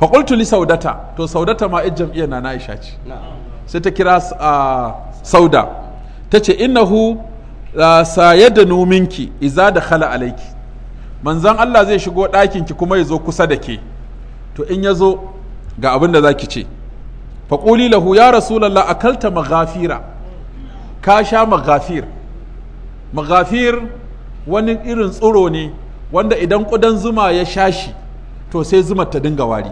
faƙultu li saudata to saudata ma ijjam jam'iyya na aisha ce sai ta kira sauda ta ce innahu yadda nominki iza da kala alaiki manzan Allah zai shigo ɗakin ki kuma ya zo kusa da ke to in ya zo ga abin da za ki ce faƙuli lahu ya rasu rasulallah akalta Magafira. ka sha Magafir. magafir wani irin tsiro ne wanda idan kudan zuma ya sha shi to sai zumar ta dinga wari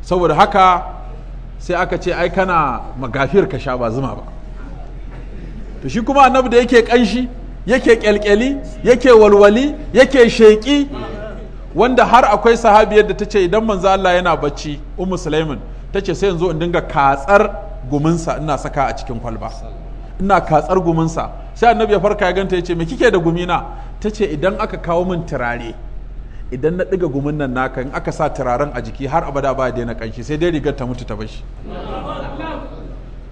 saboda haka sai aka ce ai kana magafir ka sha ba zuma ba to shi kuma annabi da yake kanshi yake kyalkyali yake walwali yake sheki wanda har akwai sahabiyar da ta ce idan manzo Allah yana bacci ummu sulaiman ta ce sai yanzu in dinga katsar guminsa ina saka a cikin kwalba ina katsar guminsa sai annabi ya farka ya ganta ya ce me kike da gumina ta ce idan aka kawo min turare idan na ɗiga gumin nan naka in aka sa turaren a jiki har abada ba ya daina kanshi sai dai rigar ta mutu ta bashi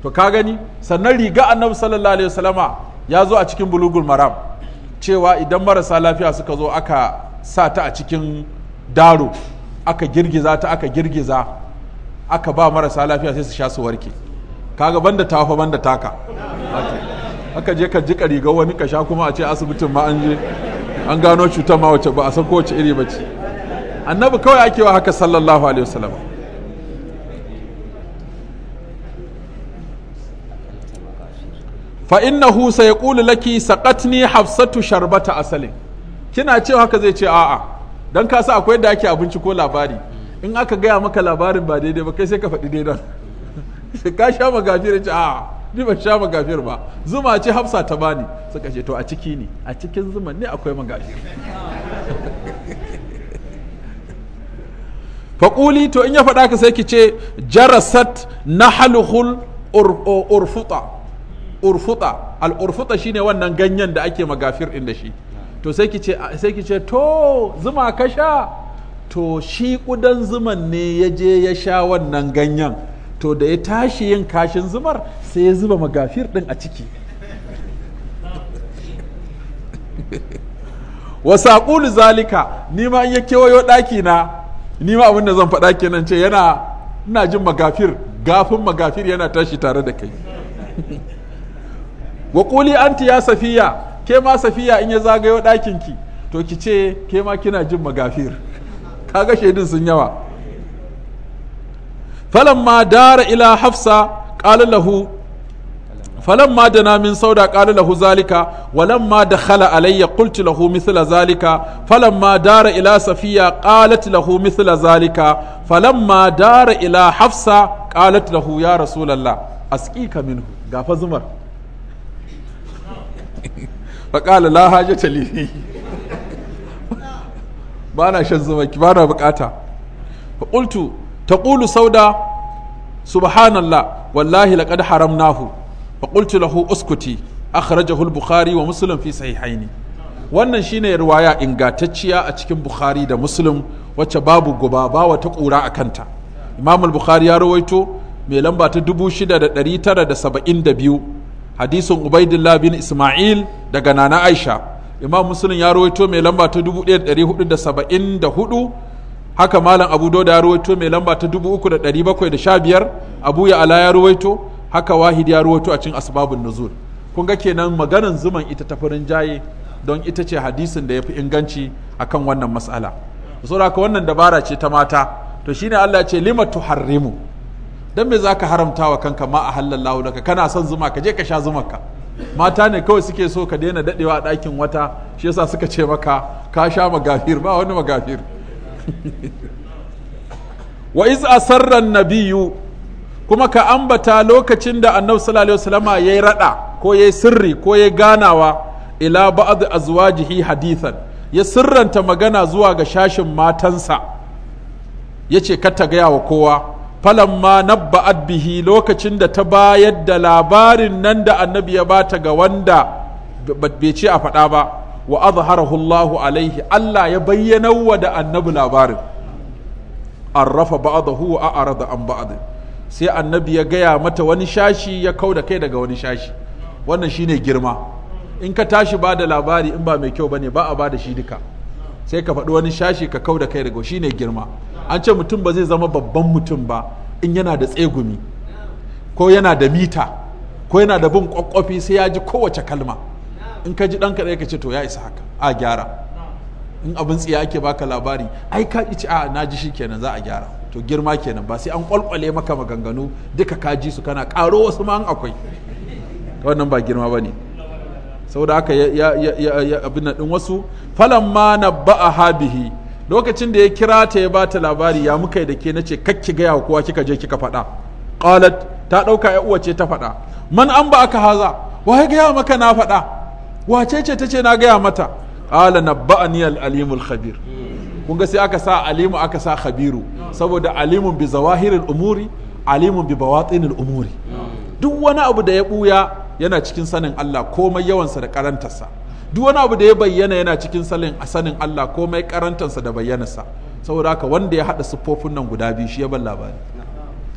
to ka gani sannan riga annabi sallallahu alaihi wasallama ya zo a cikin bulugul maram cewa idan marasa lafiya suka zo aka sa ta a cikin daro aka girgiza ta aka girgiza aka ba marasa lafiya sai su sha su warke kaga banda tafa banda taka haka je ka jika rigar wani ka sha kuma a ce asibitin ma an je an gano cutar ma wace ba a san kowace iri ba ce annabi kawai ake wa haka sallallahu alaihi wasallam fa innahu sayqulu laki saqatni hafsatu sharbata asalin kina cewa haka zai ce a'a dan ka sa akwai da ake abinci ko labari in aka gaya maka labarin ba daidai ba kai sai ka faɗi daidai ka sha magafir ce a ni ban sha magafir ba zuma ce hafsa ta bani suka ce to a ciki ne a cikin zuman ne akwai magafir faƙuli to in ya faɗa ka sai ki ce jarasat nahalhul urfuta urfuta al'urfuta shine wannan ganyen da ake magafir inda shi to sai ki ce to zuma ka sha to shi ƙudan zuman ne ya je ya sha wannan ganyen to da ya tashi yin kashin zumar sai ya zuba magafir ɗin a ciki Wa saƙulu zalika ni ma in ya kewayo ɗaki na ni ma abin da zan faɗa kenan ce yana ina jin magafir gafin magafir yana tashi tare da kai wa ƙuli anti ya safiya ke ma safiya in ya zagayo ɗakinki to ki ce ke ma kina jin magafir kaga shaidun sun yawa falamma dara ila hafsa qala lahu فلما دنا من سودا قال له ذلك ولما دخل علي قلت له مثل ذلك فلما دار إلى صفية قالت له مثل ذلك فلما دار إلى حفصة قالت له يا رسول الله أسقيك منه قاف زمر فقال لا حاجة لي بانا شزمك بانا بكاتا فقلت taqulu sauda subhanallah wallahi laqad haramnahu fa qultu lahu uskuti akhrajahu al-bukhari wa muslim fi sahihaini wannan shine riwaya ingantacciya a cikin bukhari da muslim wacce babu guba ba wata kura a kanta imam al-bukhari ya rawaito mai lamba ta 6972 hadisin ubaidillah bin isma'il daga nana aisha imam muslim ya rawaito mai lamba ta 1474 haka malam abu dauda ya ruwaito mai lamba ta dubu uku da da bakwai sha biyar abu ya ala ya ruwaito haka wahid ya ruwaito a cikin asbabun nuzul kun ga kenan maganan zuman ita ta farin jaye don ita ce hadisin da ya fi inganci akan wannan matsala saboda ka wannan dabara ce ta mata to shine Allah ce lima harrimu dan me ka haramta wa kanka ma a halallahu laka kana son zuma ka je ka sha zuma ka mata ne kawai suke so ka daina dadewa a ɗakin wata shi yasa suka ce maka ka sha magafir ba wani magafir wa iz asarran nabiyu kuma ka ambata lokacin da annabi sallallahu alaihi wasallama yayi rada ko yayi sirri ko yayi ganawa ila ba'd azwajihi hadithan ya sirranta magana zuwa ga shashin matansa yace ka ta gaya wa kowa falamma nabba'at bihi lokacin da ta bayar da labarin nan da annabi ya bata ga wanda bai ce a faɗa ba wa azharahu Allahu alaihi Allah ya bayyana wa da annabi labarin arrafa ba'dahu wa a'rada an ba'd sai annabi ya gaya mata wani shashi ya kauda kai daga wani shashi wannan shine girma in ka tashi ba da labari in ba mai kyau bane ba a ba da shi duka sai ka faɗi wani shashi ka kauda kai daga shine girma an ce mutum ba zai zama babban mutum ba in yana da tsegumi ko yana da mita ko yana da bin kwakwafi sai ya ji kowace kalma in ka ji ɗan kaɗai ka ce to ya isa haka a gyara in abin tsiya ake baka labari ai ka ci a na ji shi kenan za a gyara to girma kenan ba sai an kwalkwale maka maganganu duka ka ji su kana karo wasu ma an akwai wannan ba girma ba ne saboda haka ya abin nan wasu falan ma na ba'a habihi lokacin da ya kira ta ya bata labari ya muka da ke na ce kakki gaya wa kowa kika je kika faɗa qalat ta ɗauka ya uwa ce ta faɗa man an ba aka haza wa ya gaya maka na faɗa wace ce ta ce na gaya mata ala na al-alimul khabir kun ga sai aka sa alimu aka sa khabiru saboda alimun bi Zawahirin umuri alimun bi Bawatsinin umuri duk wani abu da ya buya yana cikin sanin Allah komai yawansa da karantarsa duk wani abu da ya bayyana yana cikin sanin a sanin Allah komai karantarsa da bayyanarsa saboda haka wanda ya haɗa siffofin nan guda biyu shi ya ban labari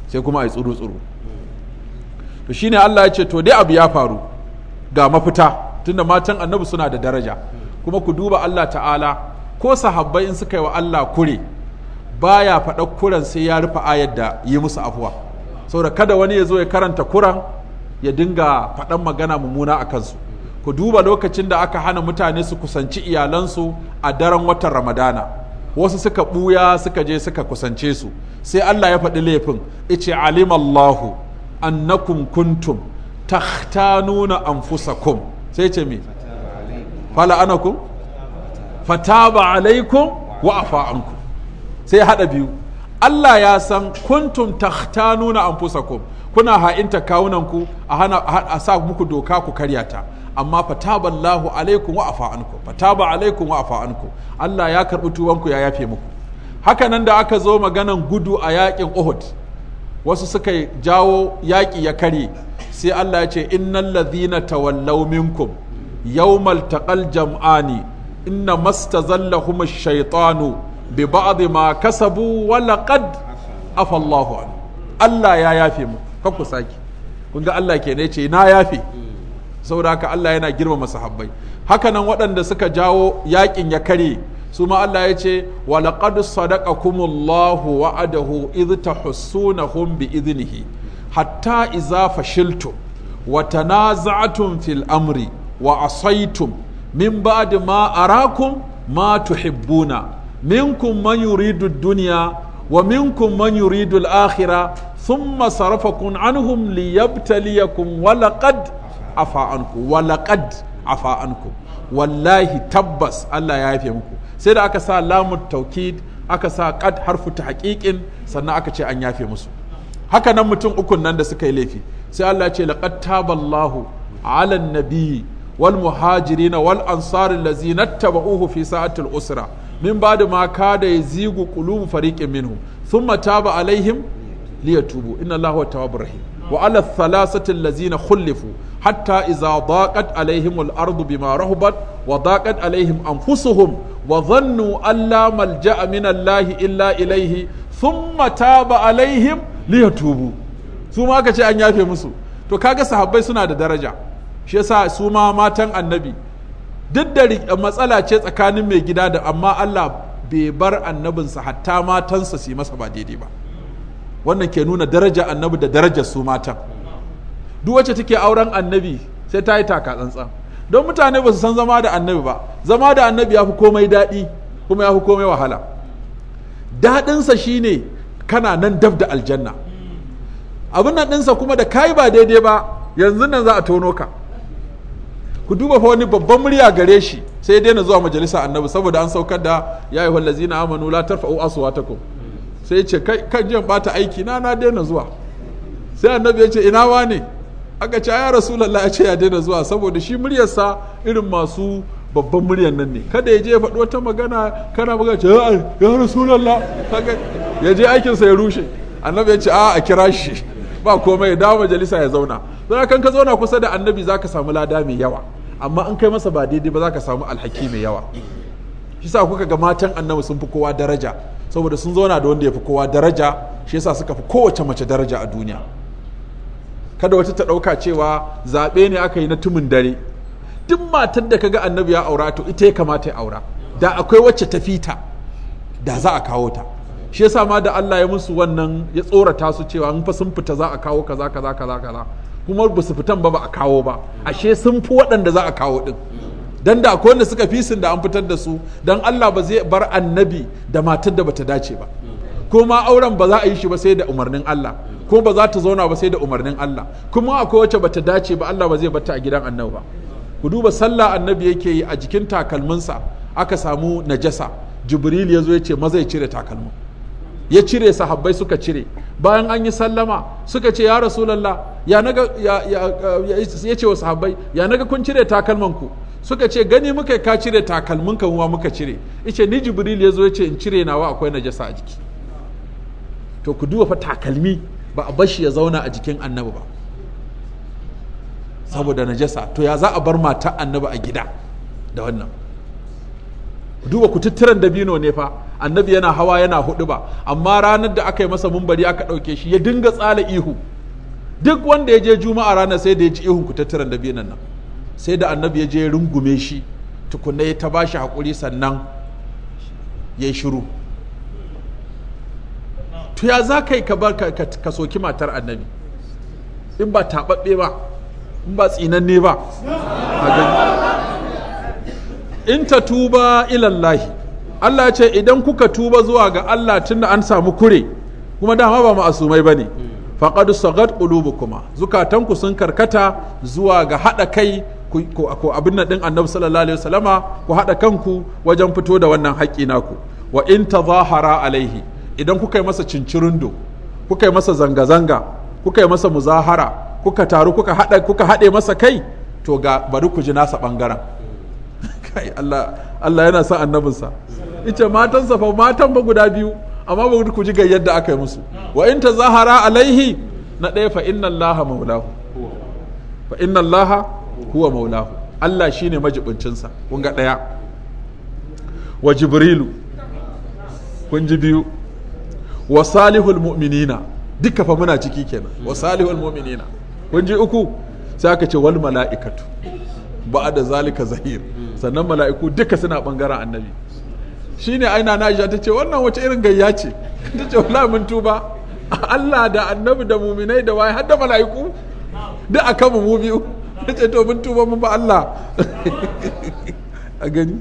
sai kuma a yi tsuru tsuru to shine Allah ya ce to dai abu ya faru ga mafita tunda matan annabi suna da daraja kuma ku duba Allah ta'ala ko sahabbai in suka yi wa Allah kure baya faɗa kuran sai ya rufe ayar da yi musu afuwa saboda kada wani ya zo ya karanta kuran ya dinga faɗan magana mummuna a kansu ku duba lokacin da aka hana mutane su kusanci iyalansu a daren watan ramadana wasu suka ɓuya suka je suka kusance su sai allah ya faɗi laifin ice alimallahu annakum kuntum tahtanuna anfusakum sai ce mi fala anakum fataba alaikum wa afa sai hada biyu Allah ya san kuntum takhtanuna anfusakum kuna ha'inta kawunanku a hana a sa muku doka ku karya ta amma fataba Allahu alaikum wa afa fataba alaikum wa afa Allah ya karbi ku ya yafe muku haka nan da aka zo maganan gudu a yakin Uhud wasu suka jawo yaƙi ya karye sai Allah ya ce innal ladhina tawallaw minkum yawmal taqal jam'ani inna mastazallahum ash-shaytanu bi ba'd ma kasabu wa laqad afa Allahu Allah ya yafe mu ku saki kun ga Allah ce na yafe saboda haka Allah yana girmama sahabbai hakanan waɗanda suka jawo yakin ya kare su ma Allah ya ce wa laqad sadaqakumullahu wa'adahu idh tahussunahum bi idnihi hatta iza fashiltu wa tanaza'tum fil amri wa asaitum min ba'di ma arakum ma tuhibbuna minkum man yuridu dunya wa minkum man yuridu al-akhirah thumma sarafakum anhum liyabtaliyakum wa laqad afa ankum wa laqad afa ankum wallahi tabbas Allah ya yafe muku sai da aka sa lamu taukid aka sa qad harfu tahqiqin sannan aka ce an yafe musu haka nan mutum ukun nan da suka yi laifi sai Allah ce laqad taballahu ala nabiyyi wal muhajirina wal ansari allazina tabauhu fi sa'atil usra min ba'di ma kada yazigu qulubu fariqin minhum thumma taba alaihim liyatubu inna Allah wa tawwabur rahim wa ala thalathati allazina khulifu hatta idza daqat alaihim al ardu bima rahabat wa daqat alaihim anfusuhum wa dhannu alla malja'a min Allah illa ilaihi thumma taba alaihim liya tubu su ma aka ce an yafe musu to kaga sahabbai suna da daraja shi yasa su ma matan annabi duk da matsala ce tsakanin mai gida da amma Allah bai bar annabinsa hatta matansa su masa ba daidai ba wannan ke nuna daraja annabi da darajar su matan duk wacce take auren annabi sai ta yi taka tsantsan don mutane ba su san zama da annabi ba zama da annabi ya fi komai daɗi kuma ya fi komai wahala daɗinsa shine kana nan dab da aljanna abin nan ɗinsa kuma da kayi ba daidai ba yanzu nan za a tono ka ku duba fa wani babban murya gare shi sai daina zuwa majalisa annabi saboda an saukar da ya yi wallazi na amanu la tarfa'u aswatakum sai ce kan jin bata aiki na na daina zuwa sai annabi ya ce ina wane aka ce ya rasulullah ya ce ya daina zuwa saboda shi muryarsa irin masu babban muryan nan ne kada ya je ya faɗi wata magana kana buga ce ya rasulallah ya je aikinsa ya rushe annabi ya ce a a kira shi ba komai ya dawo majalisa ya zauna don kan ka zauna kusa da annabi za ka samu lada mai yawa amma an kai masa ba daidai ba za ka samu alhaki mai yawa shi sa kuka ga matan annabi sun fi kowa daraja saboda sun zauna da wanda ya fi kowa daraja shi yasa suka fi kowace mace daraja a duniya kada wata ta ɗauka cewa zaɓe ne aka yi na tumin dare duk matar da kaga annabi ya aura to ita ya kamata ya aura da akwai wacce ta fita da za a kawo ta shi yasa ma da Allah ya musu wannan ya tsorata su cewa in fa sun fita za a kawo kaza kaza kaza kaza kuma ba su fitan ba ba a kawo ba ashe sun fi waɗanda za a kawo din dan da akwai wanda suka fi sun da an fitar da su dan Allah ba zai bar annabi da matar da bata dace ba kuma auren ba za a yi shi ba sai da umarnin Allah ko ba za ta zauna ba sai da umarnin Allah kuma akwai wacce bata dace ba Allah ba zai bata a gidan annabi ba ku duba sallah annabi yake yi a jikin takalminsa aka samu najasa jibril ya zo ya ce maza cire takalmin ya cire sahabbai suka cire bayan an yi sallama suka ce ya rasulallah ya ya ce wa sahabbai ya naga kun cire takalmanku suka ce gani muka ka cire takalmin ka kuma muka cire ice ni jibril ya zo ya ce in cire nawa akwai najasa a jiki to ku duba fa takalmi ba a bashi ya zauna a jikin annabi ba saboda najasa to ya za a bar mata annabi a gida da wannan duba ku dabino ne fa annabi yana hawa yana hudu ba amma ranar da aka yi masa mumbari aka ɗauke shi ya dinga tsala ihu duk wanda ya je juma'a ranar sai da ya ji ihun ku tattiran nan sai da annabi ya je ya rungume shi tukunna ya ta bashi hakuri sannan ya yi shiru to ya za ka yi ka soki matar annabi in ba taɓaɓɓe ba in ba tsinanne ba in ta tuba ilallahi Allah ce idan kuka tuba zuwa ga Allah tun da an samu kure kuma dama ba ma'asumai ba ne faƙad sagad ƙulubu kuma zukatanku sun karkata zuwa ga haɗa kai ko abin nan ɗin annabi sallallahu alaihi wasallama ku haɗa kanku wajen fito da wannan haƙƙi naku wa in ta zahara alaihi idan kuka yi masa cincirindo kuka yi masa zanga-zanga kuka yi masa muzahara kuka taru kuka haɗe kuka masa kai to ga bari ku ji nasa bangaren kai Allah Allah yana sa annabinsa ita matansa fa matan ba guda biyu amma ba ku ji ga yadda aka yi musu wa in tazahara alaihi na ɗaya fa inna Allah maulahu fa inna Allah huwa maulahu Allah shine majibincinsa kun ga ɗaya wa jibrilu kun ji biyu wa salihul mu'minina duka fa muna ciki kenan wa salihul mu'minina kun ji uku sai aka ce wal mala'ikatu ba da zalika zahir sannan mala'iku duka suna bangaren annabi shine aina na ta ce wannan wace irin gayya ce ta ce wala mun tuba Allah da annabi da muminai da waye har da mala'iku da aka mu mu biyu ta ce to mun tuba mun ba Allah a gani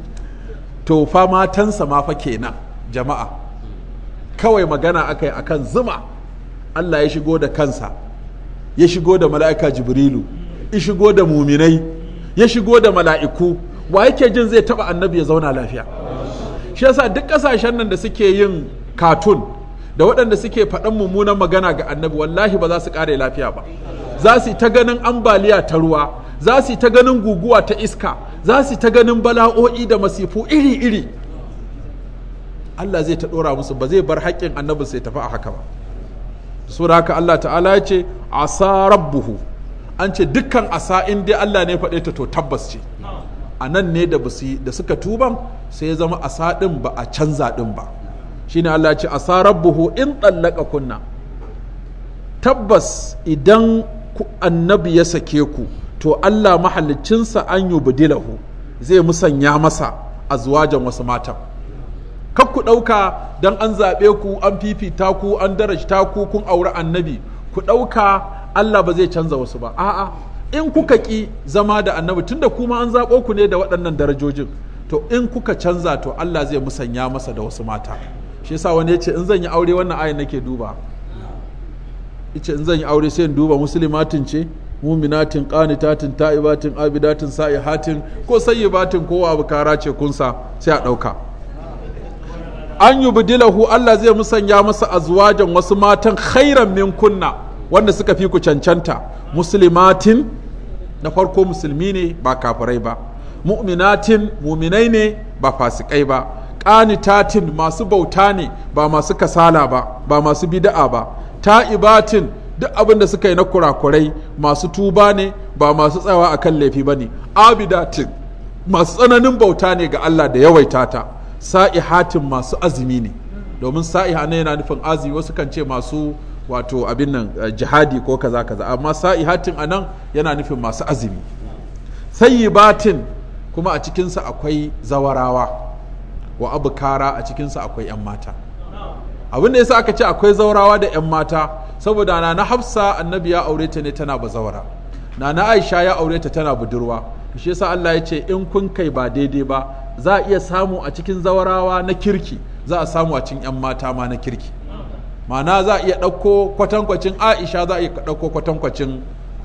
to fa matansa ma fa kenan jama'a kawai magana akai akan zuma Allah ya shigo da kansa ya shigo da mala'ika jibrilu ya shigo da muminai ya shigo da mala'iku wa yake jin zai taba annabi ya zauna lafiya shi yasa duk kasashen nan da suke yin katun da waɗanda suke faɗan mummunan magana ga annabi wallahi ba za su ƙare lafiya ba za su ta ganin ambaliya ta ruwa za su ta ganin guguwa ta iska za su ta ganin bala'o'i da masifu iri-iri Allah zai ta ɗora musu ba zai bar haƙƙin su sai tafi a haka ba saboda haka Allah ta'ala ya ce asa rabbuhu an ce dukkan asa in dai Allah ne faɗe ta to tabbas ce a nan ne da da suka tuba sai ya zama asa ɗin ba a canza ɗin ba shine Allah ya ce asa rabbuhu in tsallaka kunna tabbas idan annabi ya sake ku to Allah mahallicinsa an budilahu zai musanya masa azwajan wasu matan kak ku ɗauka don an zaɓe ku an fifita ku an darajta ku kun aure annabi ku ɗauka Allah ba zai canza wasu ba a'a in kuka ƙi zama da annabi tunda kuma an zaɓo ku ne da waɗannan darajojin to in kuka canza to Allah zai musanya masa da wasu mata shi yasa wani yace in zan yi aure wannan ayin nake duba yace in zan yi aure sai in duba muslimatin ce muminatin qanitatin ta'ibatin abidatin sa'ihatin ko sayyibatin ko abukara ce kunsa sai a ɗauka an hu Allah zai musanya masa azwajan wasu matan khairan min kunna wanda suka fi ku cancanta muslimatin na farko musulmi ne ba kafirai ba mu'minatin muminai ne ba fasikai ba qanitatin masu bauta ne ba masu kasala ba ba masu bida'a ba ta'ibatin duk abin da suka yi na kurakurai masu tuba ne ba masu tsawa akan laifi ba ne abidatin masu tsananin bauta ne ga Allah da yawaita ta sa'ihatin masu azumi ne domin sa'iha ne yana nufin azumi wasu kan ce masu wato abin nan eh, jihadi ko kaza kaza amma sa'ihatin a nan yana nufin masu azumi batin kuma a cikinsa akwai zawarawa wa abu kara a cikinsa akwai 'yan mata abin da yasa aka ce akwai zawarawa da 'yan mata saboda na na hafsa annabi ya aure ta ne tana bazawara na na aisha ya aure ta tana budurwa shi yasa Allah ya ce in kun kai ba daidai ba za a iya samu a cikin zawarawa na kirki za a samu a cikin 'yan mata ma na kirki mana za a iya ɗauko kwatankwacin aisha za a iya ɗauko kwatankwacin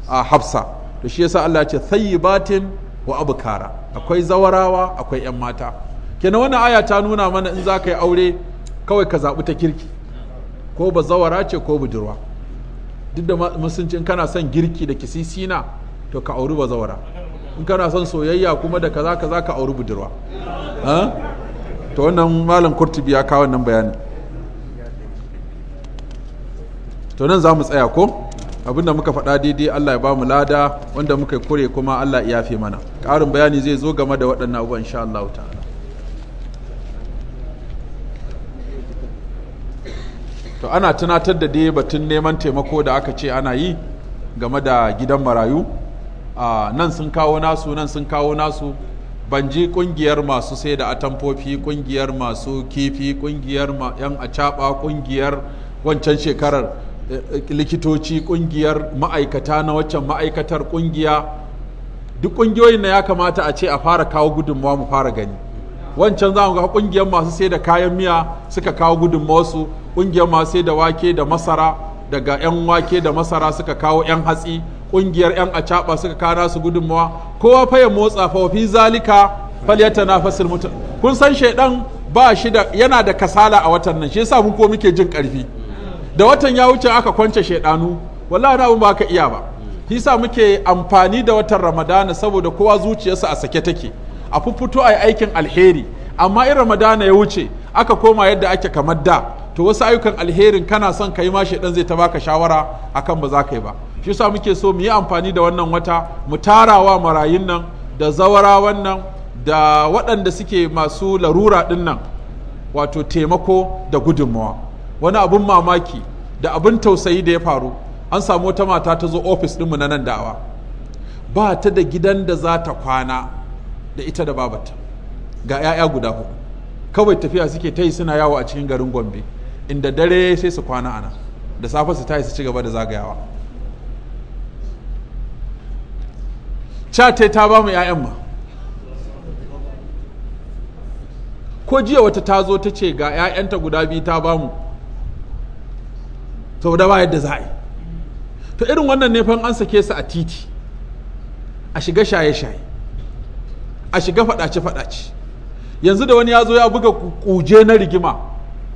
a hafsa to shi yasa Allah ce batin wa kara. akwai zawarawa akwai 'yan mata kenan wannan aya ta nuna mana in za ka yi aure kawai ka zaɓi ta kirki ko ba zawara ce ko budurwa duk da musuncin kana son girki da kisisina to ka auri ba zawara in kana son soyayya kuma da kaza kaza ka auri budurwa to wannan malam kurtubi ya kawo wannan bayanin to nan za mu tsaya ko abinda muka faɗa daidai Allah ya ba mu lada wanda muka kure kuma Allah ya yafe mana Karin bayani zai zo game da waɗannan abubuwan insha Allah ta'ala to ana tunatar da dai batun neman taimako da aka ce ana yi game da gidan marayu nan sun kawo nasu nan sun kawo nasu ban ji kungiyar masu sai da atamfofi kungiyar masu kifi kungiyar yan acaba kungiyar wancan shekarar eh, likitoci kungiyar ma'aikata na waccan ma'aikatar kungiya duk kungiyoyin na ya kamata a ce a fara kawo gudunmawa mu fara gani wancan za mu ga kungiyar masu sai da kayan miya suka kawo gudunmawarsu kungiyar masu sai da wake da masara daga 'yan wake da masara suka kawo 'yan hatsi kungiyar yan acaba suka kana su gudunmawa kowa fa ya motsa fa fi zalika falyatanafasul mutum kun san shaidan ba shi da yana da kasala a watan nan shi yasa mun ko muke jin karfi da watan ya wuce aka kwance shaidanu wallahi na ba ka iya ba shi yasa muke amfani da watan ramadana saboda kowa zuciyarsa a sake take a fuffuto a aikin alheri amma in ramadana ya wuce aka koma yadda ake kamar da to wasu ayyukan alherin kana son ka yi ma shaidan zai ta baka shawara akan ba za ka yi ba shi sa muke so mu yi amfani da wannan wata mu tarawa marayun nan da zawara wannan da waɗanda suke masu larura ɗin nan wato taimako da gudunmawa wani abin mamaki da abin tausayi da ya faru an samu wata mata ta zo ofis ɗinmu na nan da'awa ba ta da gidan da za ta kwana da ita da babata ga 'ya'ya guda hudu kawai tafiya suke ta yi suna yawo a cikin garin gombe inda dare sai su kwana ana da safe su yi su ci gaba da zagayawa ca ta ta ba mu 'ya'yan ba ko jiya wata ta zo ta ce ga 'ya'yanta guda biyu ta ba mu da ba yadda za yi to irin wannan ne fan an sake su a titi a shiga shaye-shaye a shiga faɗace-faɗace yanzu da wani ya zo ya buga kuje na rigima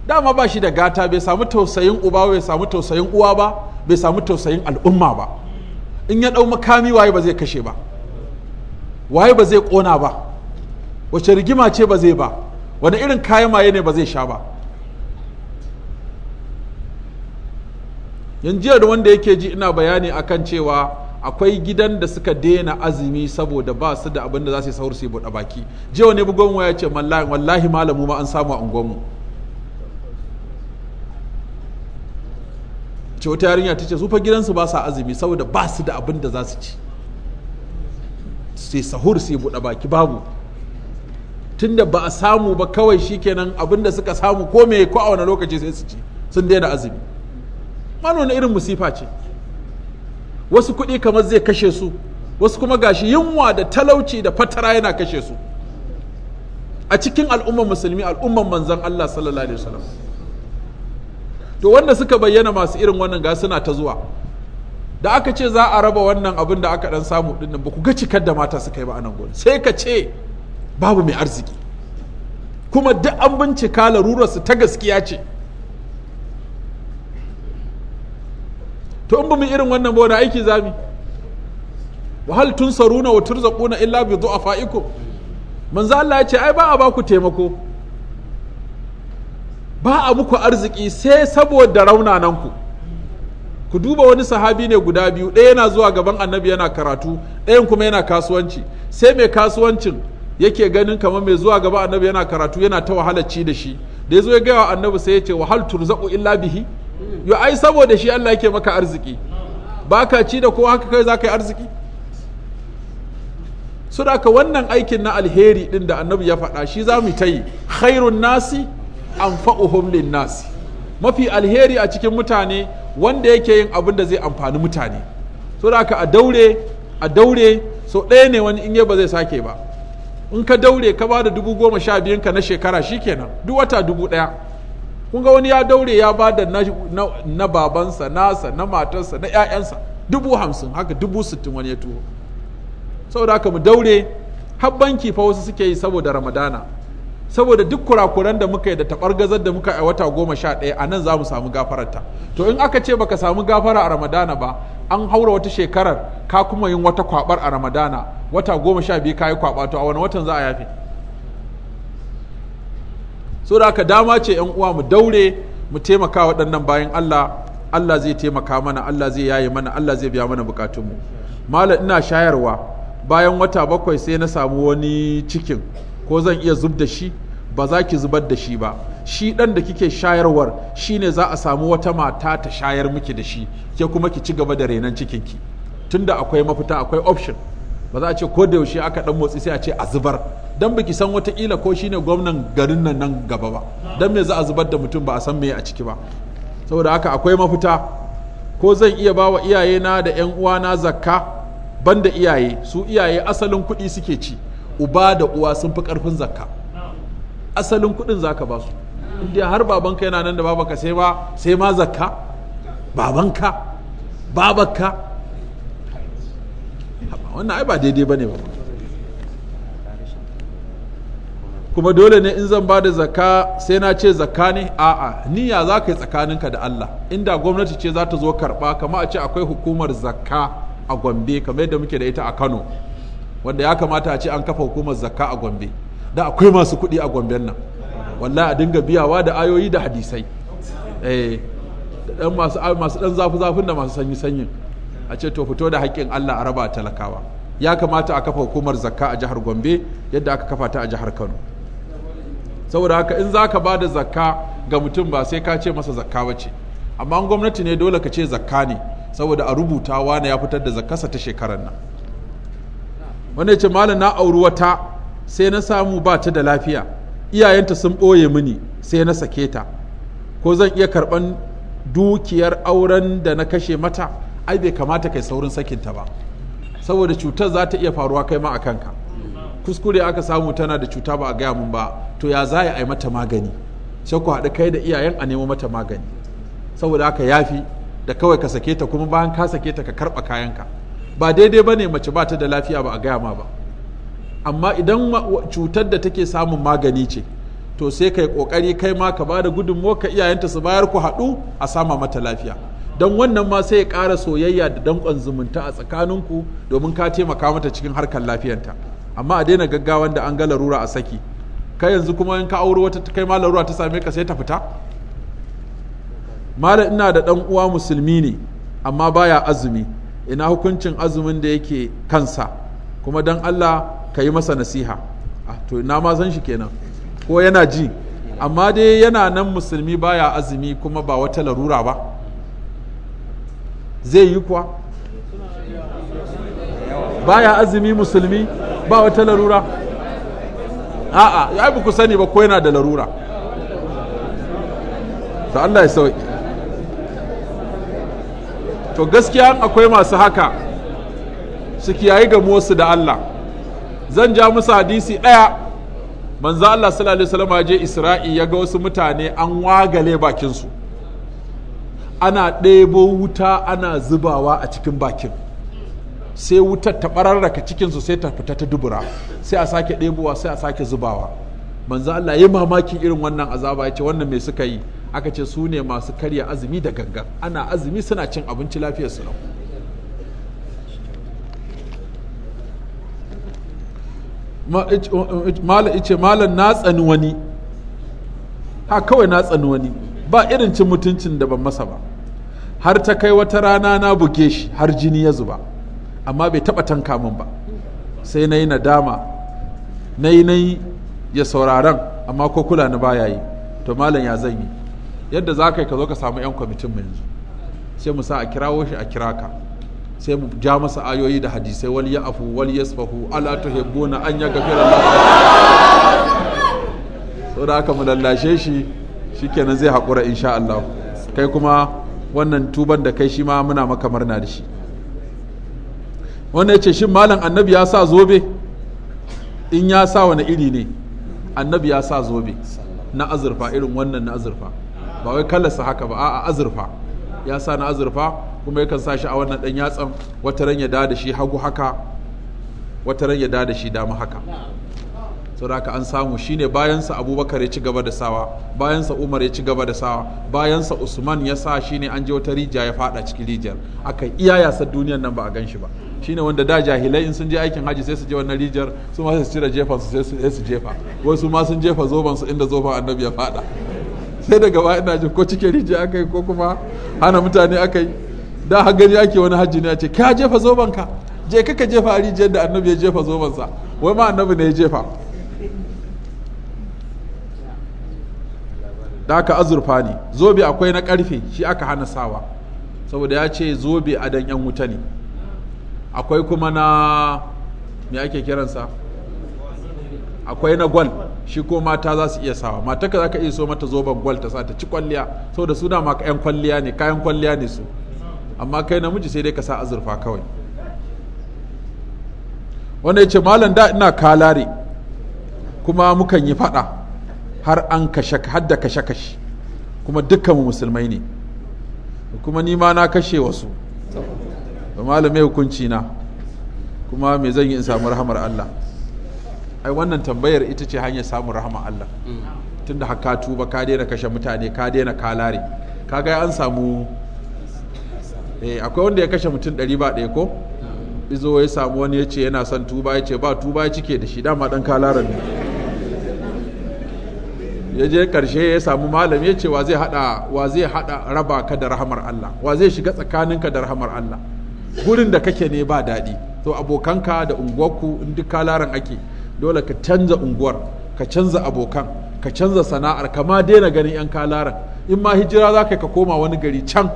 dama ba shi da gata bai samu tausayin uba bai samu tausayin uwa ba bai samu tausayin al'umma ba in ya ɗau makami waye ba zai kashe ba waye ba zai kona ba wace rigima ce ba zai ba wani irin kayan maye ne ba zai sha ba yanzu da wanda yake ji ina bayani akan cewa akwai gidan da suka daina azumi saboda ba su da abin da za su yi sahur su buɗe baki ji wani bugon waya ce wallahi malamu ma an samu a unguwanmu ce wata yarinya ta ce su fa gidansu ba sa azumi saboda ba su da abin da za su ci sai sahur sai buɗe baki babu tunda ba a samu ba kawai shi shikenan abinda suka samu ko me ko a wani lokaci sai su ci sun daina azumi wannan irin musifa ce wasu kuɗi kamar zai kashe su wasu kuma gashi yunwa da talauci da fatara yana kashe su a cikin al'umman musulmi al'umman manzan Allah sallallahu alaihi wasallam to wanda suka bayyana masu irin wannan ga suna ta zuwa da aka ce za a raba wannan abin da aka dan samu din nan ba ku ga cikar da mata suka yi ba anan gona sai ka ce babu mai arziki kuma duk an bincika larurarsu ta gaskiya ce to in ba mu irin wannan ba wani aiki zami wahal tun saruna wa turzaquna illa bi du'afaikum manzo Allah ya ce ai ba a baku taimako ba a muku arziki sai saboda raunananku ku duba wani sahabi ne guda biyu ɗaya yana zuwa gaban annabi yana karatu ɗayan kuma yana kasuwanci sai mai kasuwancin yake ganin kamar mai zuwa gaban annabi yana karatu yana ta ci da shi da ya zo ya gaya wa annabi sai ya ce wahal turzaku illa bihi yo ai saboda shi Allah yake maka arziki baka ci da kowa haka kai zaka yi arziki so da wannan aikin na alheri din da annabi ya faɗa shi za mu ta yi khairun nasi anfa'uhum lin nasi mafi alheri a cikin mutane wanda yake yin abin da zai amfani mutane so da haka a daure a daure so ɗaya ne wani in ba zai sake ba in ka daure ka ba da dubu goma sha biyun ka na shekara shikenan duk wata dubu ɗaya kun ga wani ya daure ya ba da na, na, na babansa nasa na matarsa na ƴaƴansa dubu hamsin haka dubu sittin wani ya tuho saboda haka mu daure har banki fa wasu suke yi saboda ramadana saboda duk kurakuran da muka yi da gazar da muka yi a wata goma sha ɗaya a nan za mu samu gafararta to in aka ce baka samu gafara a ramadana ba an haura wata shekarar ka kuma yin wata kwabar a ramadana wata goma sha biyu ka yi kwaba to a wani watan za a yafe so da aka dama ce yan uwa mu daure mu taimaka waɗannan bayan allah allah zai taimaka mana allah zai yaye mana allah zai biya mana bukatunmu malam ina shayarwa bayan wata bakwai sai na samu wani cikin ko zan iya zub da shi ba za ki zubar da shi ba shi ɗan da kike shayarwar shi ne za a samu wata mata ta shayar miki da shi ke kuma ki ci gaba da renon cikinki tunda akwai mafita akwai option ba za a ce ko da yaushe aka dan motsi sai a ce a zubar dan biki san wata watakila ko shine gwamnan garin nan nan gaba ba dan me za a zubar da mutum ba a san me a ciki ba saboda haka akwai mafita ko zan iya bawa iyaye na da yan uwa na zakka banda iyaye su iyaye asalin kuɗi suke ci uba da uwa sun fi karfin zakka asalin kudin zaka ba su inda har babanka yana nan da babanka sai ma sai ma zakka babanka babanka wannan ai ba daidai bane ba kuma dole ne in zan ba da zakka sai na ce zakka ne a'a niyya za ka yi tsakaninka da Allah inda gwamnati ce za ta zo karɓa kama a ce akwai hukumar zakka a gombe kamar yadda muke da ita a kano wanda ya kamata a ce an kafa hukumar zakka a gombe da akwai masu kuɗi a gomben nan wallahi a dinga biyawa da ayoyi da hadisai eh dan masu masu dan zafi zafin da masu sanyi sanyin a ce to fito da haƙƙin Allah a raba talakawa ya kamata a kafa hukumar zakka a jihar Gombe yadda aka kafa ta a jihar Kano saboda haka in zaka ba da zakka ga mutum ba sai ka ce masa zakka ce. amma gwamnati ne dole ka ce zakka ne saboda a rubuta wane ya fitar da zakkarsa ta shekarar nan wanda ya ce malam na auri wata sai na samu ba ta da lafiya iyayenta sun ɓoye mini sai na sake ta ko zan iya karɓan dukiyar auren da na kashe mata ai bai kamata kai saurin sakinta ba saboda cutar za ta iya faruwa kai ma a kanka kuskure aka samu tana da cuta ba a gaya mun ba to ya za a yi mata magani sai ku haɗu kai da iyayen a nemo mata magani saboda haka yafi da kawai ka sake ta kuma bayan ka sake ta ka karɓa kayanka ba daidai ba ne mace ba ta da lafiya ba a gaya ma ba amma idan cutar da take samun magani ce to sai kai kokari kai ma ka bada gudunmuwa ka iyayenta su bayar ku haɗu a sama mata lafiya don wannan ma sai ya ƙara soyayya da danƙon zumunta a tsakaninku domin ka taimaka mata cikin harkar lafiyanta amma a daina gaggawa da an ga larura a saki ka yanzu kuma in ka auri wata kai ma larura ta same ka sai ta fita malam ina da ɗan uwa musulmi ne amma baya azumi ina hukuncin azumin da yake kansa kuma don Allah ka yi masa nasiha ah, to ina ma san shi kenan ko yana ji amma dai yana nan musulmi baya azumi kuma ba wata larura ba zai yi kuwa baya azumi musulmi ba wata larura a'a ya ku sani ba ko yana da larura to Allah ya sauki to gaskiya akwai masu haka su kiyaye musu da Allah zan ja musu hadisi ɗaya manzo Allah sallallahu alaihi wasallam je Isra'i ya ga wasu mutane an wagale su ana ɗebo wuta ana zubawa a cikin bakin sai wutar ta bararraka su sai ta fita ta dubura sai a sake ɗebowa sai a sake zubawa manzo Allah ya mamaki irin wannan azaba ya ce wannan me suka yi aka ce su ne masu karya azumi da gangan ana azumi suna cin abinci lafiyar su mala ice malan na tsani wani ha kawai na tsani wani ba irin cin mutuncin da ban masa ba har ta kai wata rana na buge shi har jini ya zuba amma bai taba tanka min ba sai na yi nadama na yi na ya sauraron amma ko kula ni baya yi to malam ya zan yi yadda za ka yi ka zo ka samu 'yan kwamitin mu yanzu sai mu sa a kirawo shi a kira ka sai mu ja masa ayoyi da hadisai wal ya'fu wal yasfahu ala tuhibbuna an yaghfira Allah so da aka mu lallashe shi shikenan zai hakura insha Allah kai kuma wannan tuban da kai shi ma muna maka murna da shi wannan yace shin malam annabi ya sa zobe in ya sa wani iri ne annabi ya sa zobe na azurfa irin wannan na azurfa ba wai kallasa haka ba a azurfa ya sa na azurfa kuma yakan sa shi a wannan dan yatsan wata ran ya da da shi hagu haka wata ran ya da da shi dama haka saboda an samu shine bayansa abubakar ya ci gaba da sawa bayansa umar ya ci gaba da sawa bayansa usman ya sa shine an je wata rijiya ya fada cikin rijiyar aka iya yasar duniyar nan ba a gan shi ba shine wanda da jahilai in sun je aikin haji sai su je wannan rijiyar su ma su cire jefansu su sai su jefa wasu ma sun jefa zoban su inda zoban annabi ya fada sai daga ba ina ko cike rijiya aka yi ko kuma hana mutane aka yi da har gani ake wani hajji ne a ce ka jefa zoben ka je kaka jefa a rijiyar da annabi ya jefa zoben sa wai ma annabi ne ya jefa da aka azurfa ne zobe akwai na karfe shi aka hana sawa saboda ya ce zobe a dan yan wuta ne akwai kuma na me ake kiransa akwai na gwal shi ko mata za su iya sawa mata ka zaka iya so mata zoben gwal ta sa ta ci kwalliya saboda su dama ka yan kwalliya ne kayan kwalliya ne su amma kai namiji sai dai ka sa azurfa kawai wanda ya ce malam da ina kalare kuma mukan yi fada har an kashe har da kashe kashe kuma dukkan musulmai ne kuma ni ma na kashe wasu malam mai hukunci na kuma me zan yi in samu rahamar Allah ai wannan tambayar ita ce hanyar samun rahama Allah mm. tunda haka tuba ka daina kashe mutane ka daina kalare kaga an samu eh akwai wanda ya kashe mutum ɗari ba ɗaya ko mm. izo ya samu wani ya ce yana son tuba ya ce ba tuba ya cike da shi dama ɗan kalaren ne ya je karshe ya samu malam ya ce wa zai hada wa zai hada raba ka da rahamar Allah wa zai shiga tsakaninka da rahamar Allah gurin da kake ne ba daɗi to abokanka da unguwarku in duk kalaran ake dole ka canza unguwar ka canza abokan ka canza sana'ar kama daina ganin yan kalaran in ma hijira za ka koma wani gari can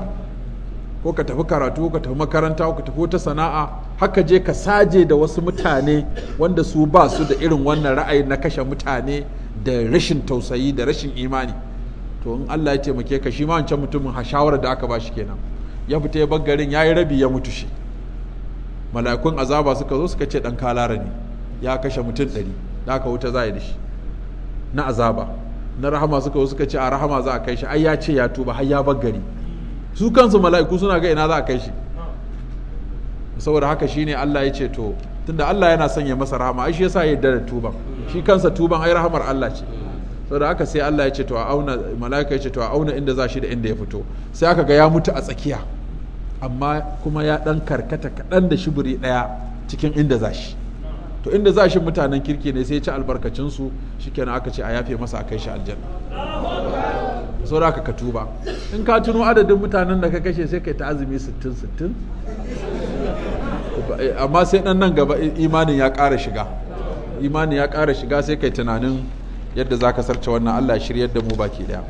ko ka tafi karatu ko ka tafi makaranta ko ka tafi wata sana'a haka je ka saje da wasu mutane wanda su ba su da irin wannan ra'ayi na kashe mutane da rashin tausayi da rashin imani to in Allah ya taimake ka shi ma wancan mutumin ha shawarar da aka ba shi kenan ya fita ya bar garin yayi rabi ya mutu shi mala'ikun azaba suka zo suka ce dan kalara ne ya kashe mutum ɗari da aka wuta za a yi da shi na azaba na rahama suka wasu suka ce a rahama za a kai shi ai ya ce ya tuba har ya bar gari su kansu mala'iku suna ga ina za a kai shi saboda haka shine Allah ya ce to tunda Allah yana son ya masa rahama ai shi yasa ya yarda da tuban shi kansa tuban ai rahamar Allah ce saboda haka sai Allah ya ce to a auna mala'ika ya ce to a auna inda za shi da inda ya fito sai aka ga ya mutu a tsakiya amma kuma ya dan karkata kaɗan da shibiri ɗaya cikin inda za shi to inda za shi mutanen kirki ne sai ya ci albarkacinsu kenan aka ce a yafe masa a kai shi aljanna saura ka tuba in ka tuno adadin mutanen da ka kashe sai kai ta azumi 60 60 amma sai dan nan gaba imanin ya ƙara shiga imanin ya ƙara shiga sai kai tunanin yadda za ka sarce wannan Allah shiryar yadda mu baki daya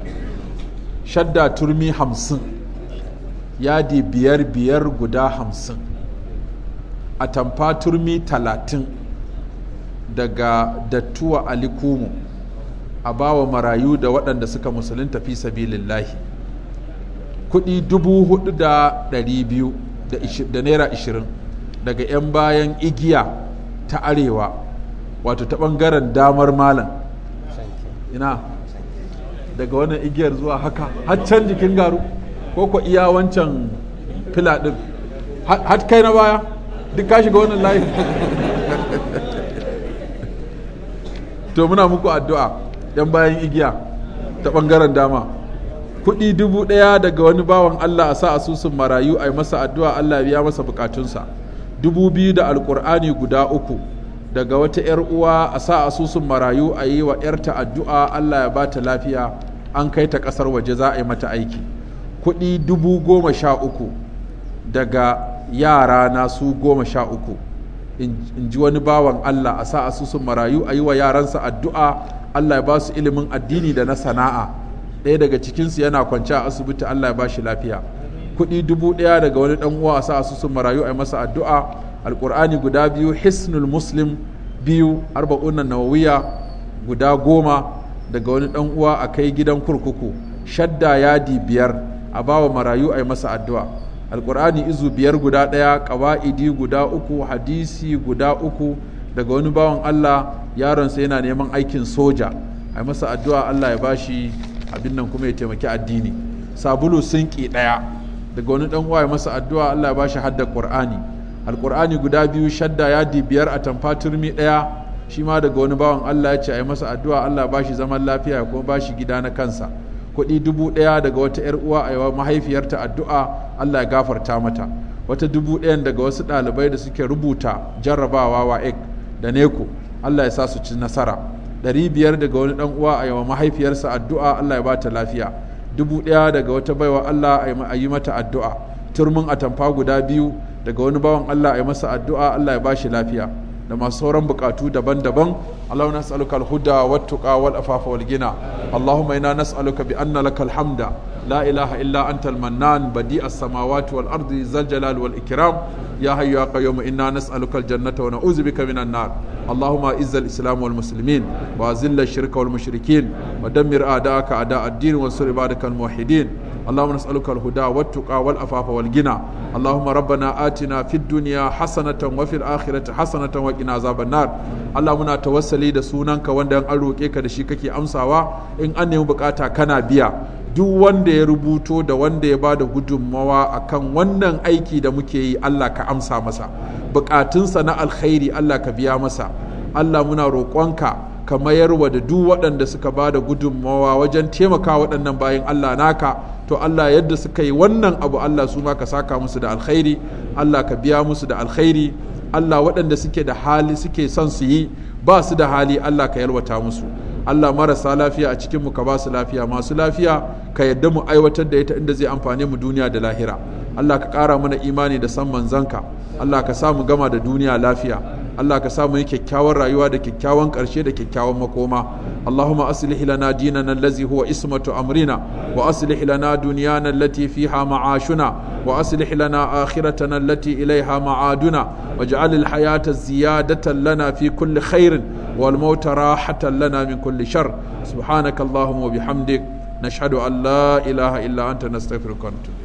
shadda turmi hamsin yadi biyar biyar guda hamsin a tamfa turmi talatin. daga dattuwa alikumu a bawa marayu da waɗanda suka musulunta fi sabilillahi kuɗi dubu hudu da ɗari biyu da naira ishirin daga 'yan bayan igiya ta arewa wato ta ɓangaren damar malam ina daga wannan igiyar zuwa haka haccan jikin garu ko ko iya wancan fila ɗin har kai na baya duk ka shiga wannan layi to muna muku addu'a yan bayan igiya ta ɓangaren dama kuɗi dubu ɗaya daga wani bawan Allah a sa asusun marayu a yi masa addu'a Allah ya masa bukatunsa dubu biyu da alkur'ani guda uku daga wata 'yar uwa a sa asusun marayu a yi wa 'yarta addu'a Allah ya bata lafiya an kai ta ƙasar waje za a yi mata aiki kuɗi dubu goma sha uku daga yara na su goma sha uku in ji wani bawan Allah a sa asusun marayu a yi wa yaransa addu'a Allah ya ba su ilimin addini da na sana'a ɗaya daga cikinsu yana kwance a asibiti Allah ya ba shi lafiya kuɗi dubu ɗaya daga wani ɗan uwa a sa asusun marayu a yi masa addu'a alƙur'ani guda biyu hisnul muslim biyu arba'un nawawiya guda goma daga wani ɗan uwa a kai gidan kurkuku shadda yadi biyar a bawa marayu a yi masa addu'a alkur'ani izu biyar guda ɗaya ƙawa'idi guda uku hadisi guda uku daga wani bawan allah yaronsa yana neman aikin soja a masa addu'a allah ya bashi abin nan kuma ya taimaki addini sabulu sinki ɗaya daga wani ɗan uwa ya masa addu'a allah ya bashi hadda qur'ani alkur'ani guda biyu shadda yadi biyar a tamfa turmi ɗaya shi ma daga wani bawan allah ya ce a masa addu'a allah ya bashi zaman lafiya ya kuma bashi gida na kansa kuɗi dubu ɗaya daga wata 'yar uwa a yawa mahaifiyarta addu'a allah ya gafarta mata wata dubu ɗayan daga wasu ɗalibai da suke rubuta jarrabawa wa ek da neko allah ya sa su ci nasara ɗari biyar daga wani ɗan uwa a yawa mahaifiyarsa addu'a allah ya ba ta lafiya dubu ɗaya daga wata baiwa allah a yi mata addu'a turmin atamfa guda biyu daga wani bawan allah a yi masa addu'a allah ya ba shi lafiya da masu sauran bukatu daban-daban Allahumma nas'aluka al-huda wat-tuqa wal-afafa wal-ghina Allahumma inna nas'aluka bi anna lakal hamda la ilaha illa anta al-mannan badi as-samawati wal-ardi zal jalal wal-ikram ya hayyu ya qayyum inna nas'aluka al-jannata wa na'udzu bika minan nar Allahumma izz al-islam wal-muslimin wa zill ash-shirka wal-mushrikeen wa dammir a'da'aka a'da' ad-din wa sur ibadakal muwahhidin اللهم نسألك الهدى والتقى والأفاف والغنى اللهم ربنا آتنا في الدنيا حسنة وفي الآخرة حسنة وقنا عذاب النار اللهم منا توسلي da sunanka wanda an roƙe ka da shi kake amsawa in an nemi bukata kana biya duk wanda ya rubuto da wanda ya bada gudunmawa akan wannan aiki da muke yi Allah ka amsa masa bukatunsa na alkhairi Allah ka biya masa Allah muna roƙonka ka mayarwa da duk waɗanda suka bada gudunmawa wajen taimaka waɗannan bayan Allah naka to Allah yadda suka yi wannan abu Allah su ma ka saka musu da alkhairi Allah ka biya musu da alkhairi Allah waɗanda suke da hali suke son su yi ba su da hali Allah ka yalwata musu Allah marasa lafiya a cikinmu ka ba su lafiya masu lafiya ka yadda mu aiwatar da ita inda zai amfane mu duniya da lahira Allah ka ƙara mana imani da san manzanka Allah ka sa mu gama da duniya lafiya Allah ka samu yi kyakkyawan rayuwa da kyakkyawan ƙarshe da kyakkyawan makoma Allahumma aslih lana dinana allazi huwa ismatu amrina wa aslih lana dunyana allati fiha ma'ashuna wa aslih lana akhiratana allati ilaiha ma'aduna waj'al al-hayata ziyadatan lana fi kulli khairin wal mauta rahatan lana min kulli shar subhanaka allahumma wa bihamdik nashhadu an la ilaha illa anta nastaghfiruka wa natubu